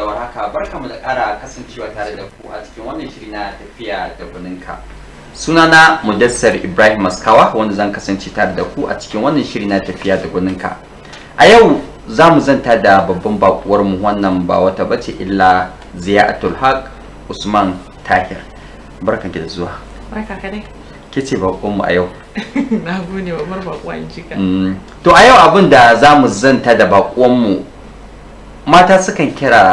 da bar barkamu da ƙara kasancewa tare da ku a cikin wannan shiri na tafiya da buninka sunana mudassar ibrahim maskawa wanda zan kasance tare da ku a cikin wannan shiri na tafiya da buninka a yau za mu zanta da babban bakuwar mu wannan ba wata bace illa ziya'atul haq usman tahir barkanki da zuwa barka dai ke ce bakon mu a yau na gode babbar bakuwa in cika mm. to a yau abin da za mu zanta da bakuwan mu mata sukan kira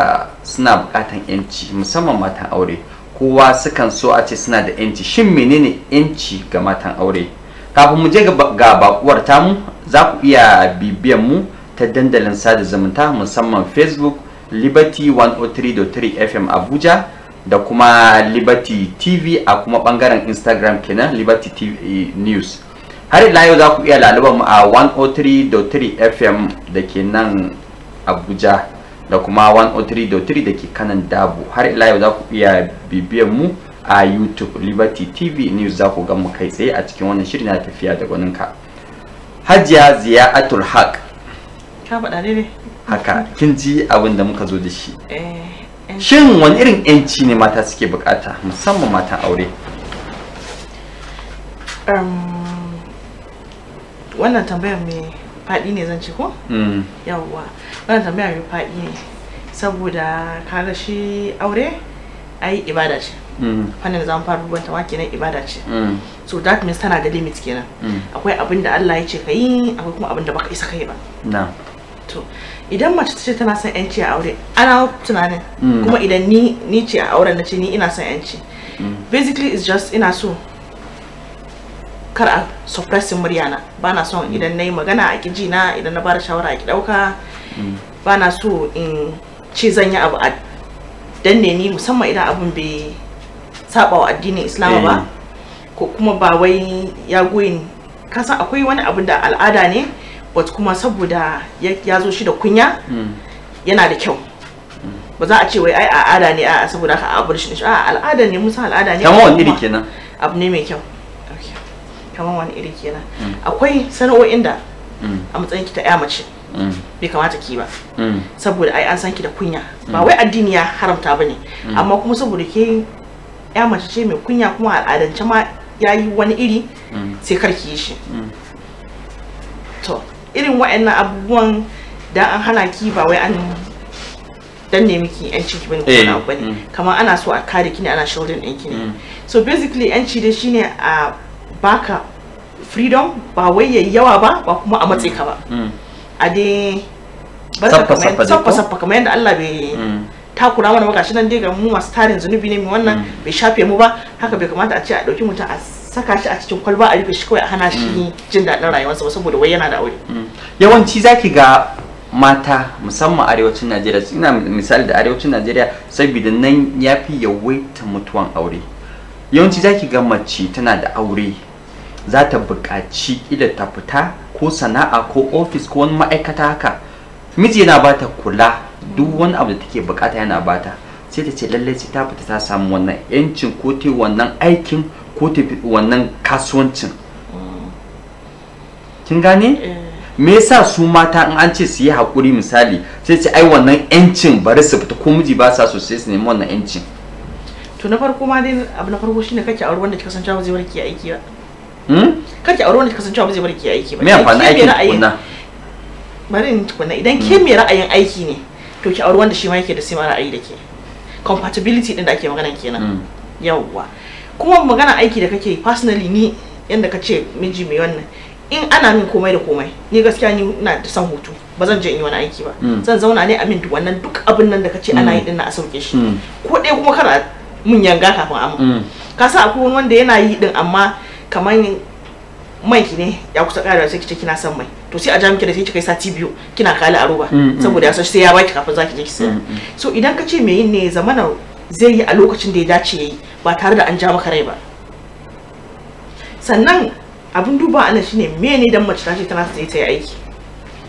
suna bukatan yanci musamman matan aure kowa sukan so a ce suna da yanci shin menene yanci ga matan aure kafin mu je ga bakuwar tamu za ku iya bibiyan mu ta dandalin sada zumunta musamman facebook liberty 103.3 fm abuja da kuma liberty tv a kuma bangaren instagram kenan liberty tv eh, news har ila yau za ku iya lalubar mu a 103.3 fm da ke nan abuja da kuma 103.3 da ke kanan dabu har ila yau za ku iya bibiyar mu a youtube liberty tv news za ku gan mu kai tsaye a cikin wannan shirin na tafiya da gwaninka hajiya ziya'atul haq ka faɗa ne haka kin ji abin da muka zo da shi eh, eh. shin wani irin yanci ne mata suke bukata musamman matan aure um, wannan tambayar mai faɗi ne zan ci ko? Mm. yawwa wannan tambaya mai faɗi ne saboda kaga shi aure yi ibada ce mm. fannin zan fara rubanta ma kenan ibada ce mm. so that means tana da limit kenan akwai abin da Allah ya ce ka yi akwai kuma abin da baka isa kai ba to idan mace ta ce tana son yanci a aure ana tunanin kuma idan ni ni ce a auren na ce ni ina son yanci basically it's just ina so kar a suppressing muryana ba na son idan na yi magana a ƙiji na idan na bar shawara a ki ɗauka mm. ba na so in ci zan yi abu a danne ni musamman idan abun bai saba wa addinin islam ba eh. ko kuma ba wai ya goyi san akwai wani abu da al'ada ne but kuma saboda ya zo shi da kunya mm. yana da kyau mm. ba za a ce wai ai al'ada ne a saboda ka a bar shi a al'ada ne musa al'ada ne kamar wani iri kenan abu ne mai kyau kamar wani iri kenan akwai sana'o'in da mm. a matsayin ki ta ya mace mm. bai kamata ki ba mm. saboda ai an san ki da kunya ba wai addini ya haramta bane amma kuma saboda ke ƴa mace ce mai kunya kuma al'adance ma yayi wani iri sai kar ki yi shi to irin wa'annan abubuwan da an hana ki ba wai an danne miki yanci ki bane ko na eh, bane kamar ana so a kare ki ne ana shirin ɗinki ne so basically yanci dai shine a baka freedom ba wai yayi yawa ba ba kuma a matse ka ba mm. a dai saffa saffa kamar yadda Allah bai mm. takura mana ba nan dai ga mu masu tarin zunubi ne mu wannan mm. bai shafe mu ba haka bai kamata a ce a dauki mutum a saka shi a cikin kwalba a rufe shi kawai a hana shi jin daɗin rayuwarsa ba saboda wai yana da aure yawanci zaki ga mata musamman arewacin Najeriya ina misali da arewacin Najeriya saboda nan yafi yawaita mutuwan aure yawanci zaki ga mace tana da aure za ta buƙaci ƙila ta fita ko sana'a ko ofis ko wani ma'aikata haka miji yana ba ta kula duk wani abu da take buƙata yana ba ta sai ta ce lallai sai ta fita ta samu wannan yancin ko ta wannan aikin ko ta wannan kasuwancin mm. kin gane eh. me yasa su mata in an ce su yi hakuri misali sai ce ai wannan yancin bari su fita ko miji ba sa so sai su nemi wannan yancin to na farko ma dai abu na farko shine kake aure wanda kika san cewa zai bar ki aiki ba hmm kake aure wanda kika san cewa zai bar ki aiki ba me amfani aiki kunna bari in tukunna idan ke me hmm. ra'ayin aiki ne to ki auri wanda shi ma yake da sai ra'ayi da ke compatibility din da ake magana kenan hmm. yawwa kuma magana aiki da kake personally ni yanda kace miji mai wannan in ana min komai da komai ni gaskiya ni ina da san hutu ba zan je in yi wani aiki ba hmm. zan zauna ne a min wannan duk abin nan da kace ana yi din na a sauke shi ko dai kuma kana mun yanga kafin amma ka sa akwai wanda yana yi din amma kamar mai ki ne ya kusa da sai kice kina son mai to sai a jami'a da sai kika sati biyu kina kali a roba mm, mm. saboda ya sai ya baki kafin zaki je ki saya mm, so idan ka ce me yin ne zamana zai yi a lokacin da ya dace yi ba tare da an ja maka rai ba sannan abin duba ana shine me ne dan mace ta ce tana sai ta yi aiki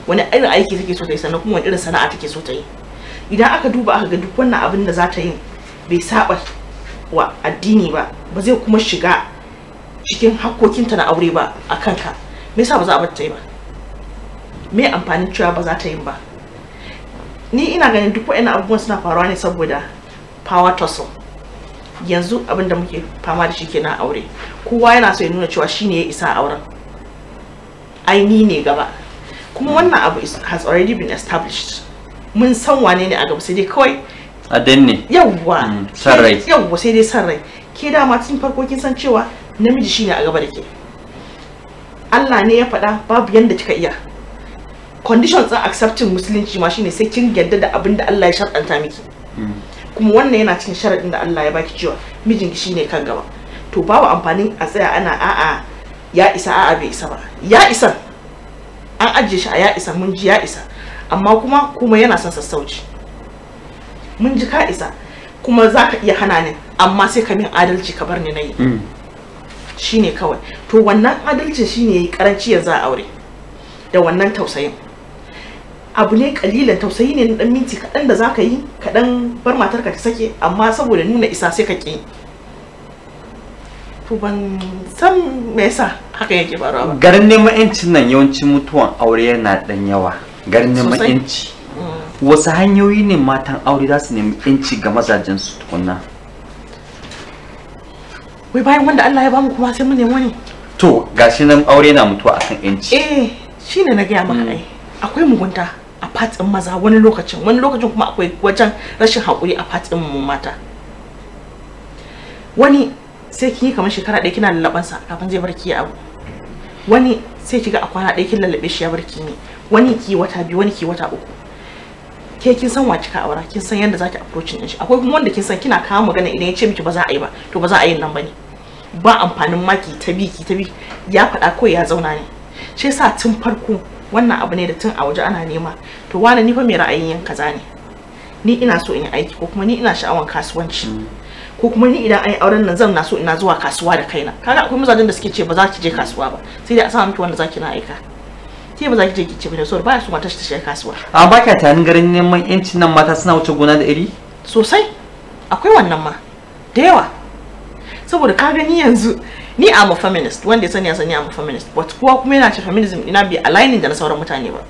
wani irin aiki take so ta yi sannan kuma wani irin sana'a take so ta yi idan aka duba aka ga duk wannan abin da za ta yi bai saba wa addini ba ba zai kuma shiga cikin hakkokinta na aure ba a kanka me yasa ba za a bar ta yi ba me amfanin cewa ba za ta yi ba ni ina ganin duk wa'annan abubuwan suna faruwa ne saboda power tussle yanzu abin da muke fama da shi ke kenan aure kowa yana so ya nuna cewa shine ya isa auren aini ne gaba kuma wannan abu has already been established mun san wane ne a gaba sai dai kawai a danne yawwa mm, san rai yawwa sai dai san ke dama tun farko kin san cewa namiji shine a gaba da ke Allah ne ya faɗa babu yanda kika iya conditions din accepting musulunci ma shine sai kin yarda da abin da Allah ya sharɗanta miki mm. kuma wannan yana cikin sharaɗin da Allah ya baki cewa mijinki shine kan gaba to babu amfani a tsaya ana a'a ya isa a'a bai isa ba ya isa an ajiye shi a ya isa mun ji ya isa amma kuma kuma yana son sassauci mun ji ka isa kuma za ka iya hana ni amma sai ka min adalci ka bar ni na yi mm. shine kawai to wannan ne shine yayi karanci yanzu a aure da wannan tausayin abu ne kalilan tausayi ne na dan minti kaɗan da za ka yi kaɗan bar matar ka ta sake amma saboda nuna isa sai ka ƙi to ban san me yasa haka yake faruwa ba garin neman yancin nan yawancin mutuwan aure yana dan yawa garin neman yanci wasu hanyoyi ne matan aure za su nemi yanci ga mazajen su tukunna wai bayan wanda Allah ya bamu kuma sai mu nemi wani to gashi nan aure na mutuwa akan yanci eh shine na gaya maka hmm. ai akwai mugunta a fatin maza wani lokacin wani lokacin kuma akwai wajen rashin haƙuri a fatin mu mata wani sai kiyi kamar shekara ɗaya kina sa kafin zai barki abu wani sai kiga a kwana ɗaya kin lallabe shi ya barki ne wani ki wata biyu wani ki wata uku ke kin san wace ka aura kin san yadda zaki approach ɗin shi akwai kuma wanda kin san kina kawo magana idan ya ce miki ba za a yi ba to ba za a yi nan bane ba amfanin maki ta bi ki ta bi ya faɗa ko ya zauna ne shi yasa tun farko wannan abu ne da tun a waje ana nema to wani ni fa mai ra'ayin yan kaza ne ni ina so in yi aiki ko kuma ni ina sha'awan kasuwanci mm. ko kuma ni idan an yi auren nan zan na so ina zuwa kasuwa da kaina kaga akwai mazajen da suke ce ba za ki je kasuwa ba sai dai a sa miki wanda zaki na aika ke ba za ki je ki ce da saboda ba su mata ta shiga kasuwa a ba ka tanin garin neman yancin nan mata suna wuce gona da iri sosai akwai wannan ma da yawa saboda ka gani yanzu ni am a feminist wanda ya sani ya sani am a feminist but kowa kuma yana ce feminism ina bi aligning da na sauran mutane ba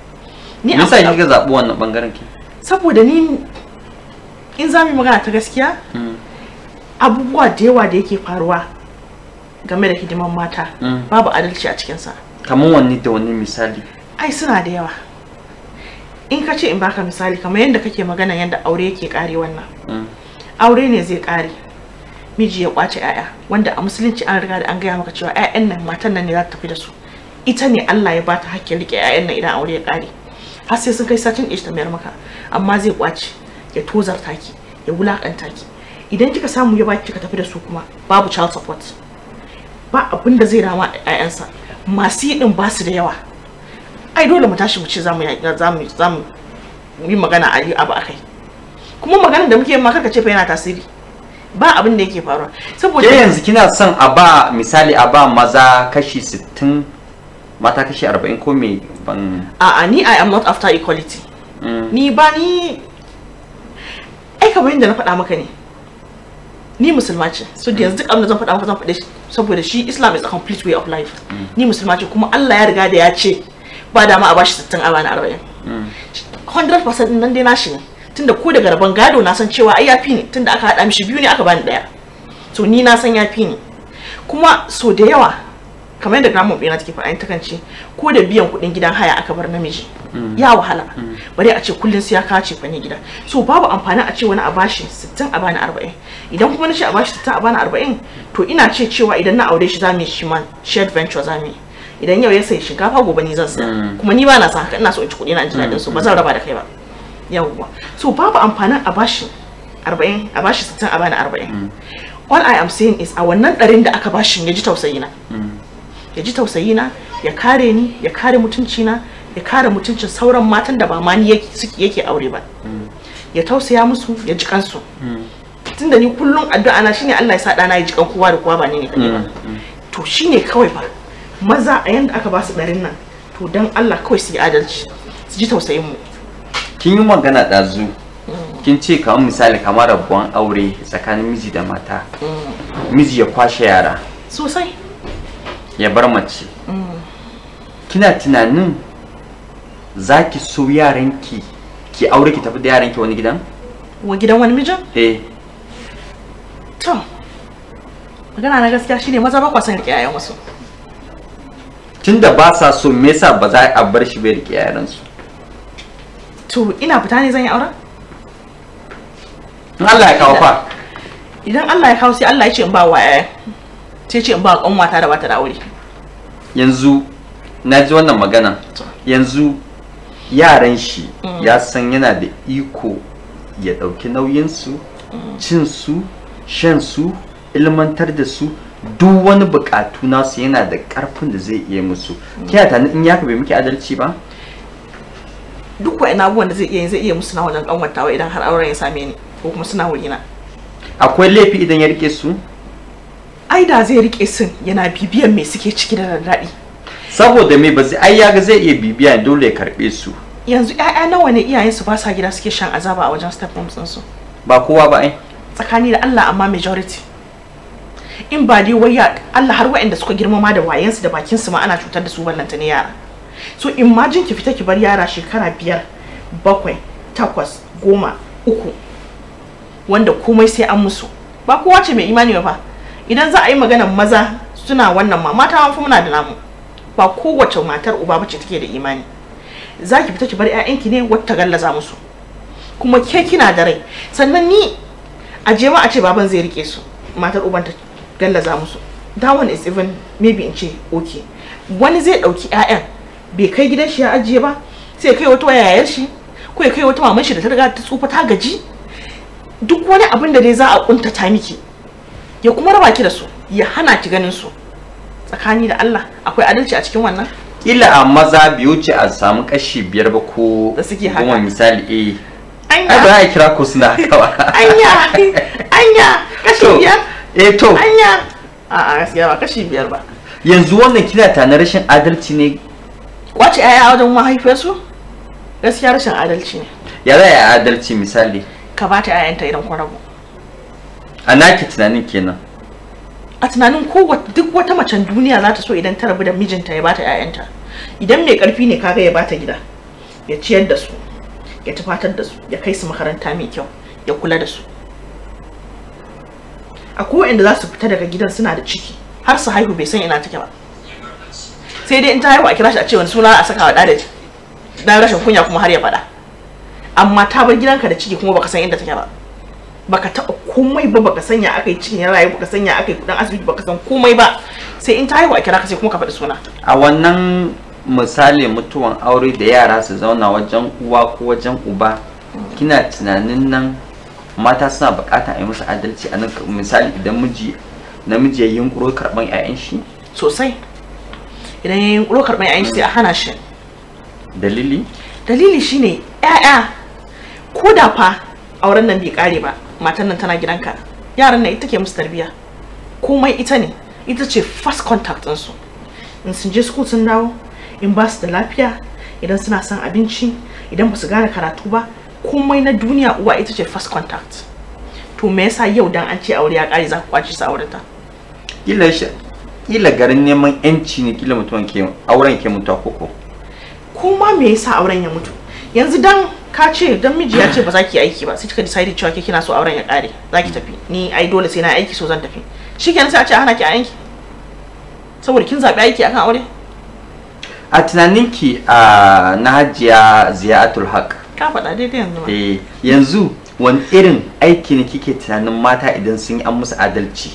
ni a sai kika zabi wannan bangaren ki saboda ni in za mu magana ta gaskiya hmm. abubuwa da yawa da yake faruwa game da hidiman mata hmm. babu adalci a cikinsa kamar wani da wani misali ai suna da yawa in ka ce in baka misali kamar yadda kake magana yadda aure yake kare wannan mm. aure ne zai kare miji ya kwace 'ya'ya wanda a musulunci an riga da an gaya maka cewa 'ya'yan nan matan nan ne za ta tafi da su ita ne Allah ya bata hakkin rike 'ya'yan nan idan aure ya kare har sai sun kai satin ish ta mayar maka amma zai kwace ya tozarta ki ya wulakanta ki idan kika samu ya baki kika tafi da su kuma babu child support ba abin da zai rama 'ya'yansa masu yi din ba su da yawa ai dole mu tashi mu ce za mu yi magana a yi abu akai kuma maganar da muke ma kaka ce fa yana tasiri ba abin da yake faruwa saboda ke yanzu kina son a ba misali a ba maza kashi 60 mata kashi 40 ko me ban a a ni i am not after equality mm. ni ba ni ai kamar yadda na faɗa maka ne ni musulma ce so da mm. yanzu duk abin da zan faɗa maka zan faɗe saboda shi islam is a complete way of life mm. ni musulma ce kuma Allah ya riga da ya ce ba dama a bashi 60 a bani 40 100% nan dai nashi ne tunda ko daga rabon gado na san cewa ai yafi ne tunda aka hada mishi biyu ne aka bani daya to ni na san yafi ne kuma so da yawa kamar yadda grammar ɗina take faɗa ta ce. ko da biyan kuɗin gidan haya aka bar namiji mm. ya wahala mm. bari a ce kullum sai ya kace fa gida so babu amfani a ce wani a bashi 60 a bani 40 idan kuma na ce a bashi 60 a bani 40 to ina ce cewa idan na aure shi za mu yi shi man shared venture mu yi idan yau ya sayi shinkafa gobe ni zan saya mm. kuma ni ba na sa, haka ina so in ci kuɗi na ji daɗin mm. su ba zan raba da kai ba yawwa so babu amfanin a bashi 40 a bashi 60 a bani 40 mm. all i am saying is a wannan ɗarin da aka bashin ya ji tausayina ya ji tausayina ya kare ni ya kare mutuncina ya kare mutuncin sauran matan da ba ma ni yake aure ba ya tausaya musu ya ji kansu tunda ni kullum addu'a na shine Allah ya sa dana ya ji kan kowa da kowa ba ni ne kadai ba to shine kawai fa maza a yanda aka ba su ɗarin nan to don Allah kawai su yi adalci su ji tausayin mu kin yi magana ɗazu mm. kin ce kamar misali kamar rabuwan aure tsakanin miji da mata mm. miji ya kwashe yara sosai ya bar mace mm. kina tunanin za ki so yaranki ki aure ki tafi da yaranki wani gidan? wa gidan wani mijin? eh to magana na gaskiya shine maza ba kwa son riƙe yayan wasu tunda ba sa so me yasa ba za a bar shi bai rike yaran su to ina fita ne zan yi aure in Allah ya kawo fa idan Allah ya kawo sai Allah ya ce in ba wa yaya sai ce in ba kan kanwata da bata da aure yanzu na ji wannan magana yanzu yaran shi mm. ya san yana da iko ya dauki nauyin su mm. cin su shan su ilmantar da su duk wani bukatu nasu yana da karfin da zai iya musu mm. kina tani in ya bai miki adalci ba duk wa'in abubuwan da zai iya zai iya musu na wajen kanwantawa idan har auren ya same ni ko kuma suna wurina akwai laifi idan ya rike su ai da zai rike sun yana bibiyan me suke ciki da daɗi saboda me ba ai ya ga zai iya bibiya dole ya karbe su yanzu ƴaƴa nawa ne iyayen su ba sa gida suke shan azaba a wajen step moms su ba kowa ba ai tsakani da Allah amma majority in ba dai wai Allah har wa'anda suka girmama da wayensu da bakinsu ma ana cutar da su ballanta ne yara so imagine ki fita ki bar yara shekara biyar bakwai takwas goma uku wanda komai sai an musu ba kowa ce mai imani ba idan za a yi maganar maza suna wannan ma mata an fi muna da namu ba kowace matar uba bace take da imani za ki fita ki bar 'ya'yanki ne wata gallaza musu kuma ke kina da rai sannan ni a je ma a ce baban zai rike su matar uban ta gallaza musu that one is even maybe in ce okay wani zai dauki ƴaƴan bai kai gidan shi ya ajiye ba sai kai wata yayar shi ko ya kai wata maman shi da ta riga ta tsufa ta gaji duk wani abin da dai za a kuntata miki ya kuma raba ki da su ya hana ki ganin su tsakani da Allah akwai adalci a cikin wannan kila a maza biyu ce a samu kashi biyar ba ko da suke haka misali eh ai ba a kira ko suna haka ba anya anya kashi biyar Eto. Eh, to anya a gaskiya ba kashi biyar ba yanzu wannan kina ta na rashin adalci ne wace yaya wajen haifesu gaskiya rashin adalci ne ya za ya adalci misali ka ba ta yayanta idan kun rabu a naki tunanin kenan a tunanin ko duk wata macen duniya za ta so idan ta rabu da mijinta ya ba ta yayanta idan mai karfi ne kaga ya ba ta gida ya ciyar da su ya tufatar da su ya kai su makaranta mai kyau ya kula da su akwai wa'anda za su fita daga gidan suna da ciki har su haihu bai san ina take ba sai dai in ta haihu a kira shi a ce wani suna a saka wa da dan rashin kunya kuma har ya faɗa amma ta bar gidanka da ciki kuma baka san inda take ba baka taɓa komai ba baka sanya aka yi cikin rayu baka sanya aka yi kudin asibiti baka san komai ba sai in ta haihu a kira ka sai kuma ka faɗi suna a wannan misali mutuwan aure da yara su zauna wajen uwa ko wajen uba kina tunanin nan mata suna bukata a yi musu adalci a nan misali idan miji namiji ya yunkuro karban 'ya'yan shi sosai idan ya yunkuro karban 'ya'yan shi sai a hana shi dalili dalili shine ƴaƴa ko da fa auren nan bai kare ba matan nan tana gidanka yaran nan ita ke musu tarbiya komai ita ne ita ce first contact su in sun je school sun dawo in ba su da lafiya idan suna son abinci idan ba su gane karatu ba komai na duniya uwa ita ce first contact to me yasa yau dan an ce aure ya kare za ku kwace aure ta. kila shi kila garin neman yanci ne kila mutum ke auren ke mutuwa koko kuma me yasa auren ya mutu yanzu dan ka ce dan miji ya ce ba za ki aiki ba sai kika decide cewa ke kina so auren ya kare za ki tafi ni ai dole sai na aiki so zan tafi shikenan sai a ce a hana ki aiki saboda kin zabi aiki akan aure a tunaninki a ah, na hajiya ziyatul haq ka faɗa daidai yanzu eh yanzu wani irin aiki ne kike tunanin mata idan sun yi an musu adalci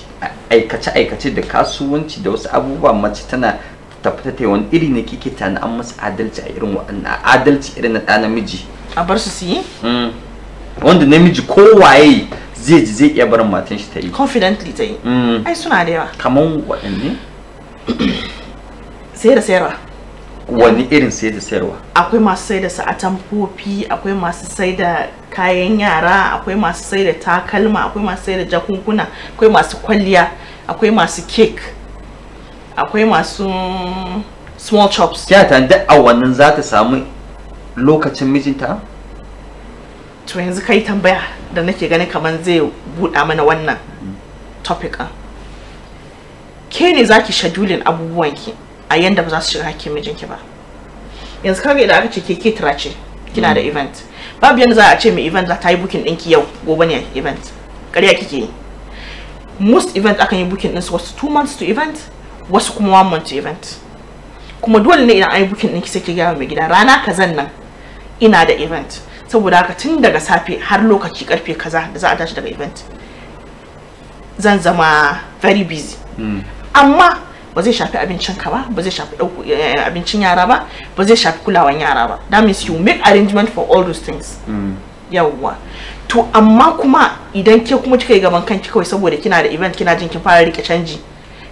aikace aikace da kasuwanci da wasu abubuwa mace tana tafita ta wani iri ne kike tunanin an musu adalci a irin waɗannan adalci irin na ɗa namiji a bar su su yi mm. wanda namiji kowaye zai ji zai iya barin matan shi ta yi confidently ta yi mm. ai suna da yawa kaman waɗanne sayar da sayarwa wani irin sai da sayarwa akwai masu sai da sa'atamfofi akwai masu sai da kayan yara akwai masu sai da takalma akwai masu sai da jakunkuna akwai masu kwalliya akwai masu kek akwai masu small chops ta da a wannan za ta samu lokacin mijinta to yanzu kai tambaya da nake ganin kamar zai buɗa mana wannan topic ke ne zaki shadulin abubuwanki a yanda ba za su shiga hakkin mijinki ba yanzu kawai da aka ce ke ketara ce kina da mm. event babu yanda za a ce mai event za ta yi bukin ɗinki yau gobe ne event ƙarya kike yi most event akan yi bukin ɗinsu wasu two months to event wasu kuma one month to event kuma dole ne idan an yi bukin ɗinki sai ki gaya mai gida rana kazan nan ina da event saboda haka tun daga safe har lokaci karfe kaza da za a tashi daga event zan zama very busy mm. amma ba zai shafi abincin ka ba ba zai shafi eh, abincin yara ba ba zai shafi kulawan yara ba that means you make arrangement for all those things mm. yawwa to amma kuma idan ke kuma kika yi gaban kanki kawai saboda kina da event kina jin kin fara rike canji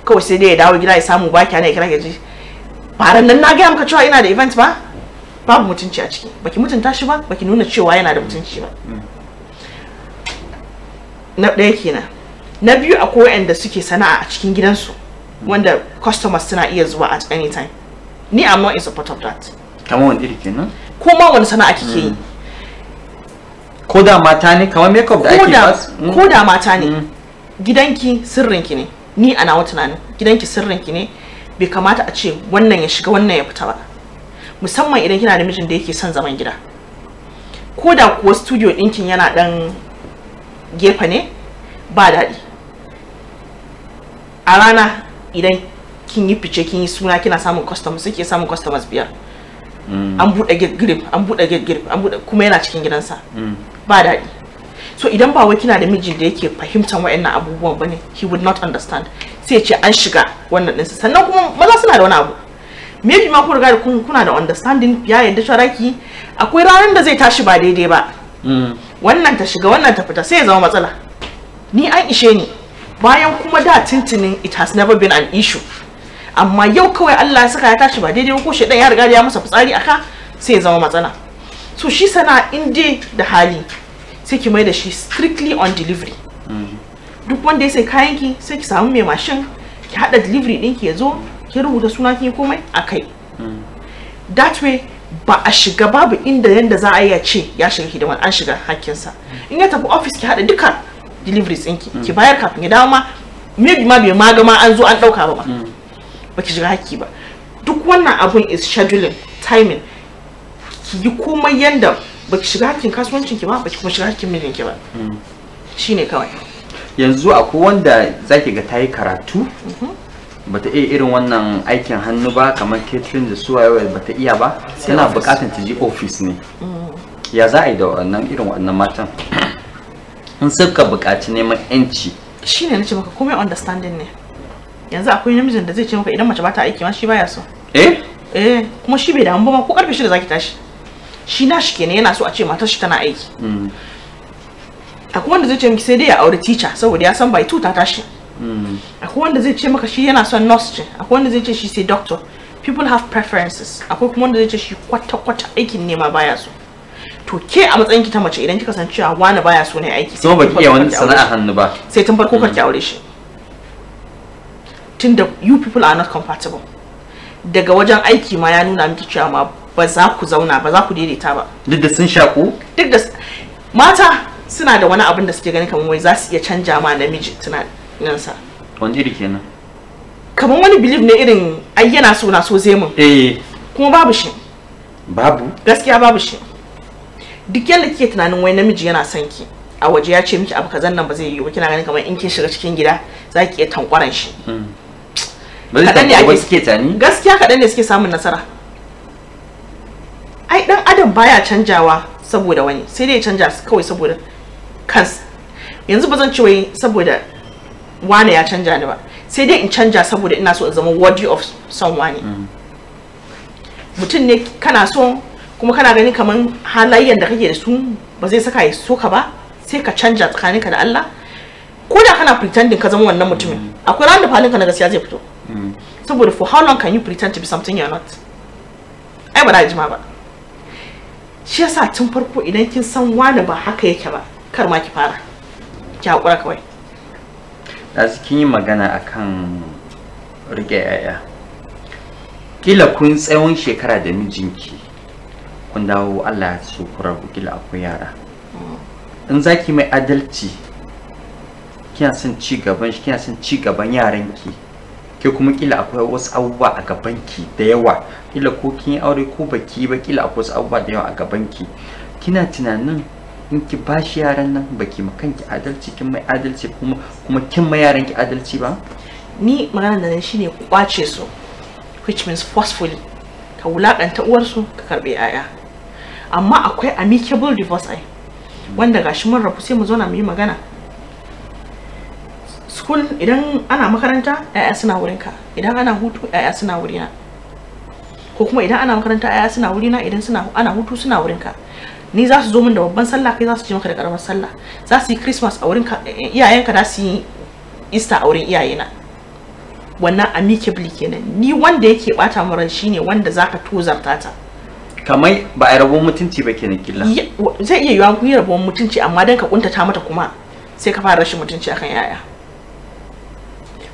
kawai sai dai ya dawo gida ya samu baki ana kira ji faran nan na ga maka cewa ina da event ba babu mutunci a ciki baki mutunta shi ba baki nuna cewa yana da mutunci ba mm. na ɗaya kenan na biyu akwai waɗanda suke sana'a a cikin gidansu wanda customers suna iya zuwa at any time ni am not in support of that kamar wani iri no kuma wani sana'a kike yi hmm. ko da mata ne kamar makeup da ake bas. Hmm. ko da mata ne hmm. gidanki sirrinki ne ni ana nawa tunanin gidanki sirrinki ne bai kamata a ce wannan ya shiga wannan ya fita ba musamman idan kina da mijin da yake son zaman gida ko da kuwa studio ɗinkin yana ɗan gefe ne ba daɗi a rana idan kin yi fice kin yi suna kina samun customers suke samun customers biyar mm. an buɗe get grip an buɗe get grip an buɗe kuma yana cikin gidansa mm. ba daɗi so idan ba wai kina da mijin da yake fahimtar wa'annan abubuwan bane he would not understand sai ce an shiga wannan ɗinsa sannan kuma maza suna da wani abu maybe ma kun riga kuna da understanding ya yadda sharaki akwai ranar da zai tashi ba daidai ba mm. wannan ta shiga wannan ta fita sai ya zama matsala ni an ishe ni bayan kuma da tintinin it has never been an issue amma yau kawai Allah ya saka ya tashi ba daidai ko shedan ya riga ya masa fitsari aka sai ya zama matsala so shi sana inde da hali sai ki mai da shi strictly on delivery duk wanda ya sai kayan ki sai ki samu mai mashin ki hada delivery din ki ya zo ki rubuta suna ki komai a kai that way ba a shiga babu inda yanda za a yi ya ce ya shiga hidimar an shiga hakkinsa in ya tafi office ki hada duka deliveries ɗinki mm. ki bayar kafin ya dawo ma bi ma bai ma ga ma an zo an ɗauka ba mm. ba baki shiga haki ba duk wannan abun is scheduling timing ki yi komai yanda baki shiga hakkin kasuwancin ki ba baki kuma shiga hakkin mijin ki ba mm. shine kawai yanzu akwai wanda zaki ga tayi karatu mm-hmm. bata iya irin wannan aikin hannu ba kamar catering da su wayo bata iya ba tana buƙatar ta je office ne ya za a yi da wannan irin wannan matan in suka buƙaci neman yanci shine nace maka komai understanding ne yanzu akwai namijin da zai ce maka idan mace ba ta aiki ma shi baya so eh eh kuma shi bai damu ba ma ko karfe shida zaki tashi shi na shi kenan yana so a ce matar shi tana aiki mm. akwai wanda zai ce miki sai dai ya aure teacher saboda ya san bai tuta tashi mm. akwai wanda zai ce maka shi yana son nurse ce akwai wanda zai ce shi sai doctor people have preferences akwai kuma wanda zai ce shi kwata-kwata aikin nema baya so to ke a matsayin ki ta mace idan kika san cewa wani baya so ne aiki sai ba ki iya wani sana'a hannu ba sai tun farko mm. karki aure shi tunda you people are not compatible daga wajen aiki ma ya nuna miki cewa ma ba za ku zauna ba za ku daidaita ba duk da sun shaku duk da mata suna da wani abin da suke ganin kamar wai za su iya canja ma namiji nan sa wani iri kenan kamar wani belief ne irin ai yana so na so zai mun eh kuma babu shi babu gaskiya babu shi duk yadda kike tunanin wai namiji yana son ki a waje ya ce miki abu kazan nan ba zai yi ba kina ganin kamar in kin shiga cikin gida za ki iya tankwaran shi hmm. kaɗan ne ake suke tani gaskiya kaɗan ne suke samun nasara ai dan adam baya canjawa saboda wani sai dai ya canja kawai saboda kansa yanzu ba zan ce wai saboda wane ya canja ni ba sai dai in canja saboda ina so in zama worthy of someone hmm. mutum ne kana so kuma kana ganin kamar halayen da kake da su ba zai saka ya soka ba sai ka canja tsakaninka da Allah ko da kana pretending ka zama wannan mutumin mm. akwai ranar da ka na gaskiya zai fito mm. saboda for how long can you pretend to be something you're not ai ba da jima ba shi yasa tun farko idan kin san wani ba haka yake ba kar ma ki fara ki hakura kawai su kin yi magana akan rike yaya kila kun tsawon shekara da mijinki kun dawo Allah ya so ku kila akwai yara mm. in zaki mai adalci kina son ci gaban shi kina son ci gaban yaran ki ke kuma kila akwai wasu abubuwa a gaban ki da yawa kila ko kin aure ko baki ba kila akwai wasu abubuwa da yawa a gaban ki kina tunanin in ki bashi yaran nan baki ma kanki adalci kin mai adalci kuma kuma kin mai yaran ki adalci ba ni magana da shine kwace su which means forcefully ka wulakanta uwarsu ka karbe yaya amma akwai amicable divorce ai wanda gashi mun rabu sai mu zo na mu yi magana school idan ana makaranta yaya suna wurinka idan ana hutu yaya suna wurina ko kuma idan ana makaranta yaya suna wurina idan suna ana hutu suna wurinka ni za su zo min da babban sallah kai za su je maka da karamar sallah za su yi christmas a wurin iyayen iyayenka za su yi easter a wurin iyayena wannan amicably kenan ni wanda yake bata mu ran shine wanda zaka tozarta ta kamar ba a rabon mutunci ba kenan killa zai iya yiwa ku yi rabon mutunci amma dan ka kuntata mata kuma sai ka fara rashin mutunci akan yaya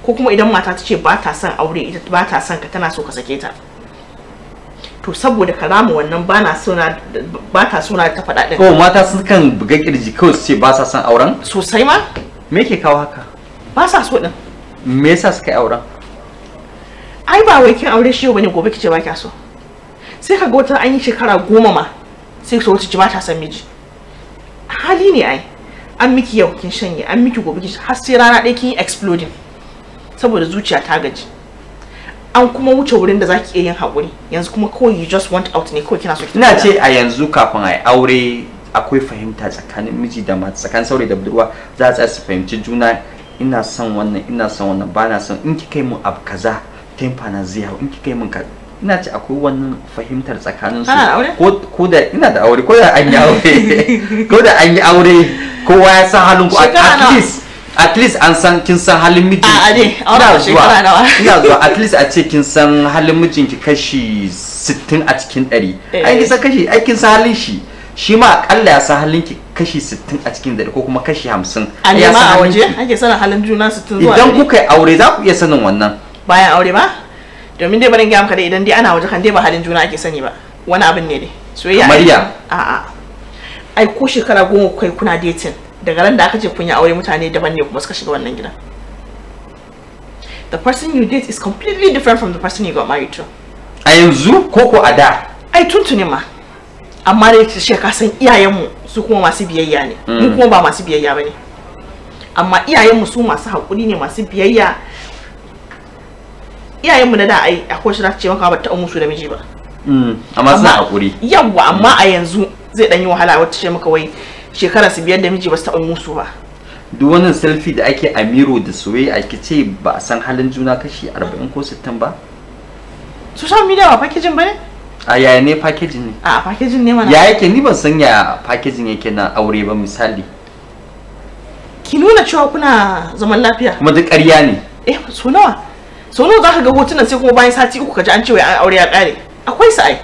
ko kuma idan mata ta ce ba ta son aure ita ba ta son ka tana so ka sake ta to saboda ka rama wannan ba na suna ba ta suna ta faɗa din ko mata sun kan buga kirji kawai su ce ba sa son auren sosai ma me ke kawo haka ba sa so din me yasa suka yi auren ai ba wai kin aure shi yau bane gobe kice ba kya so sai ka ga wata an yi shekara goma ma sai su wata jima ta san miji hali ne ai an miki yau kin shanye an miki gobe kin har sai rana ɗaya kin yi exploding saboda zuciya ta gaji an kuma wuce wurin da zaki iya yin haƙuri yanzu kuma kawai you just want out ne kawai kina so kina ce a yanzu kafin a aure akwai fahimta tsakanin miji da mata tsakanin saurayi da budurwa za a su fahimci juna ina son wannan ina son wannan ba na son in ki kai mun abu kaza tempa na ziyawa, in ki kai mun kaza ina ci akwai wani fahimtar tsakanin su ko da ina da aure ko da an yi aure ko da an yi aure kowa ya san halin ku at least at least an san kin san halin mijin a ina zuwa ina zuwa at least a ce kin san halin mijin ki kashi 60 a cikin 100 eh. ai kin san kashi ai kin san halin shi shi ma akalla ya san halin ki kashi 60 a cikin 100 ko kuma kashi 50 ya san a waje ake sanin halin juna 60 zuwa idan kuka yi aure za ku iya sanin wannan bayan aure ba domin dai barin gaya maka da idan dai ana waje kan dai ba halin juna ake sani ba wani abin ne dai soyayya amarya a'a ai ko shekara goma kai kuna dating daga ran da aka ce kun yi aure mutane daban ne kuma suka shiga wannan gidan the person you date is completely different from the person you got married to a yanzu ko ko a da ai tuntuni ma amma dai ta ce ka san iyayenmu su kuma masu biyayya ne mu mm. kuma ba masu biyayya ba ne amma iyayenmu su masu haƙuri ne masu biyayya iyayenmu na da ai akwai shi za ta ce maka ba ta musu da miji ba hmm, amma suna hakuri yawa hmm. amma a yanzu zai dan yi wahala wata ce maka wai shekara su biyar da miji ba su taɓa musu ba duk wannan selfie da ake amiro da soyayya ake ce ba a san halin juna kashi arba'in ko sittin ba social media ba packaging ba ne a yaya ne packaging ne a packaging ne mana ya yake ni ban san ya fakijin yake na aure ba misali ki nuna cewa kuna zaman lafiya kuma duk ƙarya ne eh so nawa sau nawa za ka ga hotunan sai kuma bayan sati uku ka ji an ce wai an aure ya kare akwai sai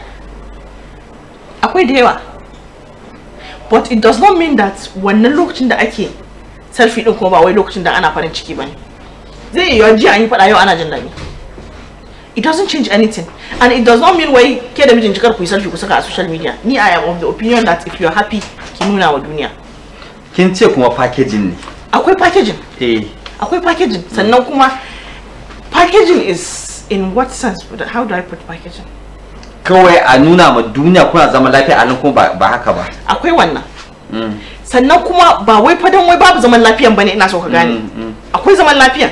akwai da yawa but it does not mean that wannan lokacin da ake selfie din kuma ba wai lokacin da ana farin ciki bane zai yi yawan an yi faɗa yau ana jin daɗi it doesn't change anything and it does not mean wai ke da mijin jikar ku yi selfie ku saka a social media ni i am of the opinion that if you are happy ki nuna wa duniya kin ce kuma packaging ne akwai packaging eh akwai packaging sannan kuma packaging is in what sense how do i put packaging kawai a nuna ma duniya kuna zama lafiya a nan kuma ba haka ba akwai wannan mm. sannan kuma ba wai fadan wai babu zaman lafiyan bane ina so ka gane mm, mm. akwai zaman lafiya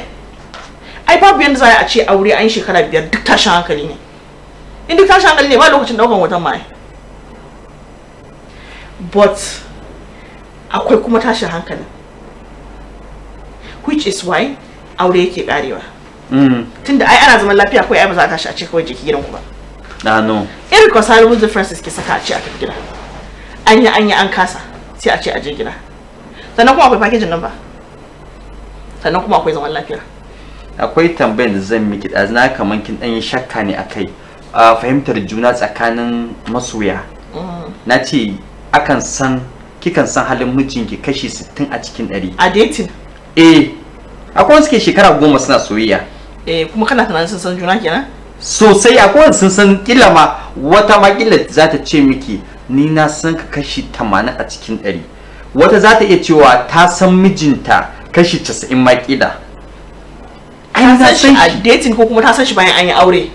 ai babu yanda za a ce aure an shekara biyar duk tashin hankali ne in duk tashin hankali ne ba lokacin daukan watan maye but akwai kuma tashin hankali which is why aure yake karewa Mm. tunda ai ana zaman lafiya ko ai ba za a tashi a ce kawai jiki gidan ku ba na no irin kwasarumin Francis ke saka a ce a tafi gida an yi an yi an kasa sai a ce a je gida sannan kuma akwai packaging nan ba sannan kuma akwai zaman lafiya akwai tambayar da zan miki zan kaman kin ɗanyi shakka ne a kai a fahimtar juna tsakanin masoya mm. na ce akan san kikan san halin mijinki kashi 60 a cikin 100 a dating eh akwai wasu ke shekara goma suna soyayya eh kuma kana tunanin sun san juna kenan sosai a kowane sun san kila ma wata ma kila za ta ce miki ni na san ka kashi 80 a cikin 100 wata za ta iya cewa ta san mijinta kashi 90 ma kila na san shi a dating ko kuma ta san shi bayan an yi aure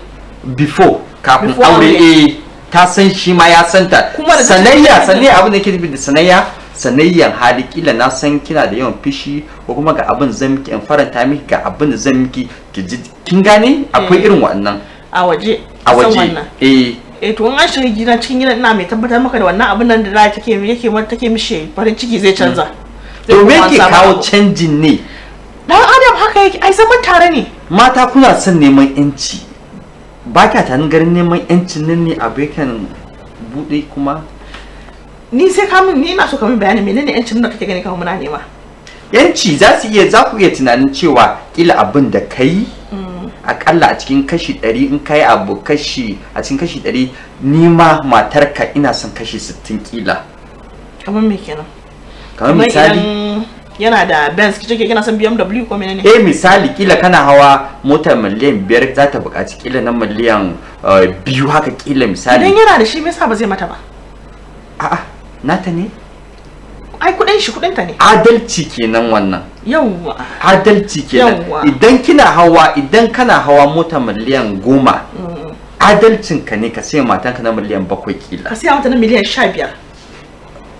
before kafin aure eh ta san shi ma ya santa sanayya sanayya abin da ke da sanayya sanayyan hali kila na san kina da yawan fishi ko kuma ga abin zan miki in faranta miki ga abin da zan miki ki kin gane akwai eh. irin wannan a waje a waje eh eh to in an shiga gidan cikin gidan ina mai tabbatar maka da wannan abin nan da za take yake mata take mishi farin ciki zai canza to me ke kawo canjin ne dan adam haka yake ai zaman tare ne mata kuna son neman yanci ba kya tanin garin neman yancin nan ne abu yakan bude kuma ni sai ka min ni ina so ka min bayani menene yancin da kake gani ka muna nema yanci za su iya za ku iya tunanin cewa kila abin da kai akalla a cikin kashi 100 in kai abu kashi a cikin kashi 100 ni ma matarka ina son kashi 60 kila kamar me kenan kamar misali yana da Benz kici ke kina son BMW ko menene eh misali kila kana hawa motar miliyan biyar za ta buƙaci kila na miliyan eh, biyu haka kila misali idan yana da shi me yasa ba zai mata ba a'a nata ne ai kudin shi kudin ta ne adalci kenan wannan yawwa adalci kenan idan kina hawa idan kana hawa mota miliyan goma mm. adalcin ka ne ka sai matanka na miliyan bakwai kila ka sai mata na miliyan sha biyar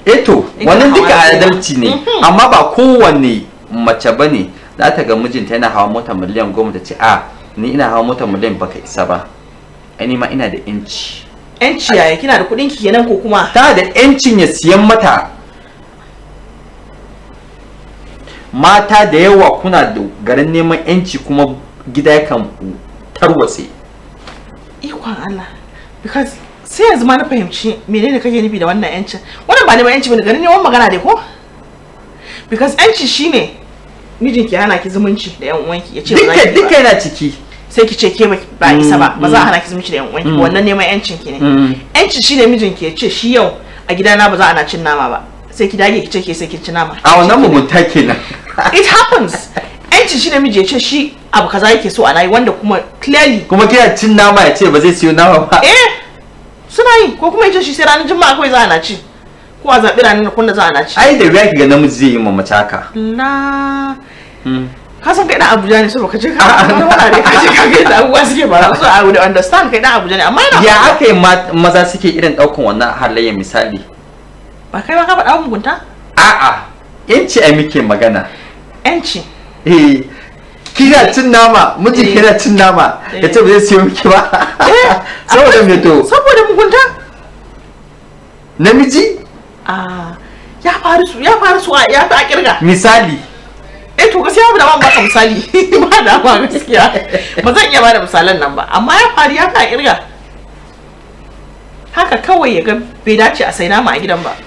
eto wannan duka adalci ne mm-hmm. amma ba kowanne mace ba ne za ta ga mijinta yana hawa mota miliyan goma ta ce a ah, ni ina hawa mota miliyan baka isa ba ai ma ina da inci yanci yaya kina da kuɗin ki kenan ko kuma ta da yancin ya siyan mata mata da yawa kuna da garin neman yanci kuma gida ya kan tarwatse ikon Allah because sai yanzu ma na fahimci menene kake nufi da wannan yancin wannan ba neman yanci bane garin neman magana dai ko because yanci shine mijinki yana ki zumunci da yan uwanki ya ce ba za ki duka yana ciki sai ki ce ke ba isa ba ba za a mm-hmm. hana ki zumunci da yan mm-hmm. wannan neman yancin ki ne mm-hmm. yanci shine mijin ki ya ce shi yau a gidana ba za a na cin nama ba sai ki dage ki ce ke sai ki ci nama a wannan mugunta kenan it happens yanci shine miji ya ce shi abu kaza yake so a yi wanda kuma clearly kuma kina cin nama ya ce ba zai siyo nama ba eh suna yi ko kuma ya ce shi sai ranar juma'a kawai za a na ci ko a zaɓi ranar da kunna za a na ci ai da biya ki ga namiji zai yi mamaci haka na mm. ka san kai dan Abuja ne saboda ka je ka ne kace ka ga da abubuwa suke ba so I would understand kai dan Abuja ne amma yana ya aka yi maza suke irin daukan wannan halayen misali ba kai ba ka faɗa mugunta a'a yanci ai muke magana yanci eh kina cin nama mijin eh. kina cin nama eh. ya ce ba zai siyo miki ba eh, saboda me to saboda mugunta namiji a ah, ya faru su ya faru su ya ta kirga misali eh to gaskiya ba da ban baka misali ba da ba gaskiya ba zan iya bada misalan nan ba amma ya faru ya ka kirga haka kawai ya ga bai dace a sai nama a gidan ba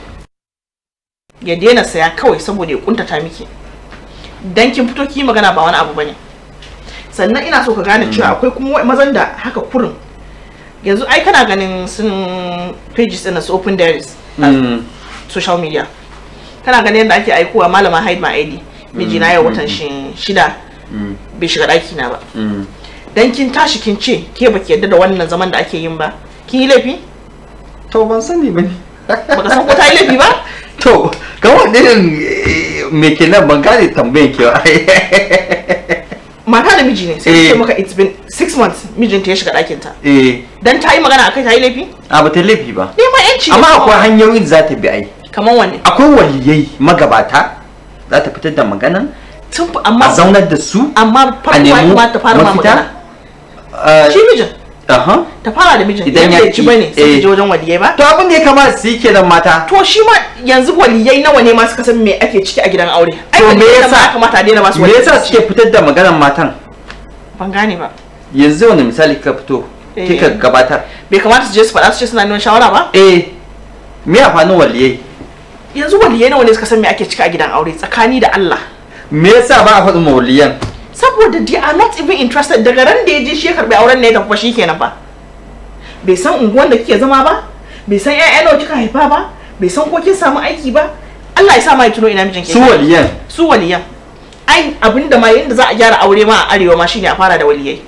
ya daina saya kawai saboda ya kuntata miki dan kin fito ki magana ba wani abu bane sannan ina so ka gane cewa hmm. akwai kuma mazan da haka kurin yanzu ai kana ganin sun pages ɗin su open diaries hmm. social media kana ganin yadda ake aikowa malama hide my id mijina mm, yau mm, watan mm. shida bai shiga ɗaki na ba dan kin tashi kin ce ke baki yadda da wannan zaman da ake yin ba kin yi laifi to ban sani ba ne baka san ko ta yi laifi ba to ga wannan eh, me ke nan ban gane tambayar ke ba mata da miji ne sai ce eh. maka it's been six months mijinta ya shiga ɗakin ta eh. dan ta yi magana akai ta yi laifi a ba ta laifi ba ne ma yanci amma akwai hanyoyin za ta bi ai kamar wanne akwai waliyai magabata za ta fitar da magana amma a zaunar da su amma farko ya kamata ta fara magana ah, shi mijin Aha. Uh-huh. ta fara da mijin idan ya ci bane sai eh. je wajen waliyai ba to abin da ya kamata su yi kenan mata to shi ma yanzu waliyai nawa ne ma suka san me ake ciki a gidan aure to me yasa ya kamata a daina masu waliyai me yasa suke fitar da maganan matan ban gane ba yanzu wani misali ka fito kika eh. gabatar bai kamata su je su faɗa su ce suna neman shawara ba eh me ni waliyai yanzu waliyai nawa ne suka san me ake cika a gidan aure tsakani da Allah me yasa ba a faɗin mawaliyan saboda they are not even interested daga ran da ya je shi ya karbi auren ne ya tafi shi kenan ba bai san unguwan da kike zama ba bai san ƴaƴa nawa kika haifa ba bai san ko kin samu aiki ba Allah ya sa ma ya tuno ina mijin ke su waliyan su waliyan ai abinda ma yanda za a gyara aure ma a arewa ma shine a fara da waliyai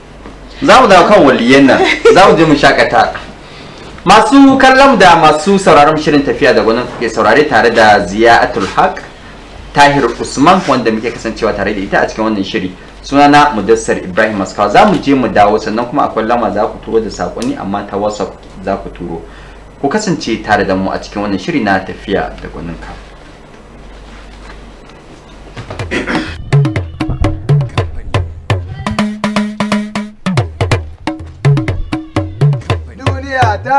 za mu dawo kan waliyan nan za mu je mu shakata masu kallon da masu sauraron shirin tafiya da gwanin kuke saurare tare da ziya'atul haq tahir usman wanda muke kasancewa tare da ita a cikin wannan shiri suna na mudassar ibrahim maskawa za mu je mu dawo sannan kuma akwai lama za ku turo da saƙoni amma ta wasa za ku turo ku kasance tare da mu a cikin wannan shiri na tafiya da gwanin ka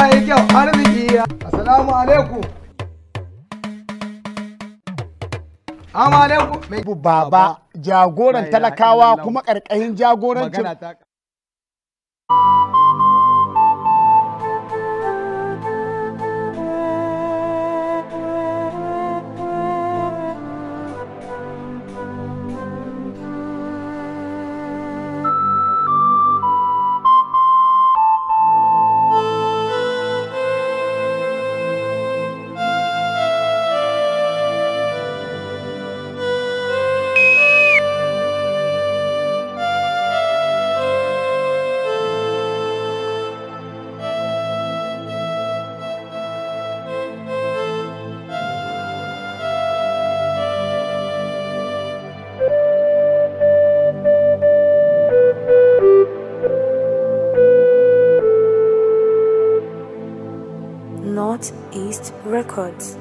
ya yi kyau arziki assalamu alaikum Amma alaikum baba jagoran talakawa kuma karkashin jagorancin Records.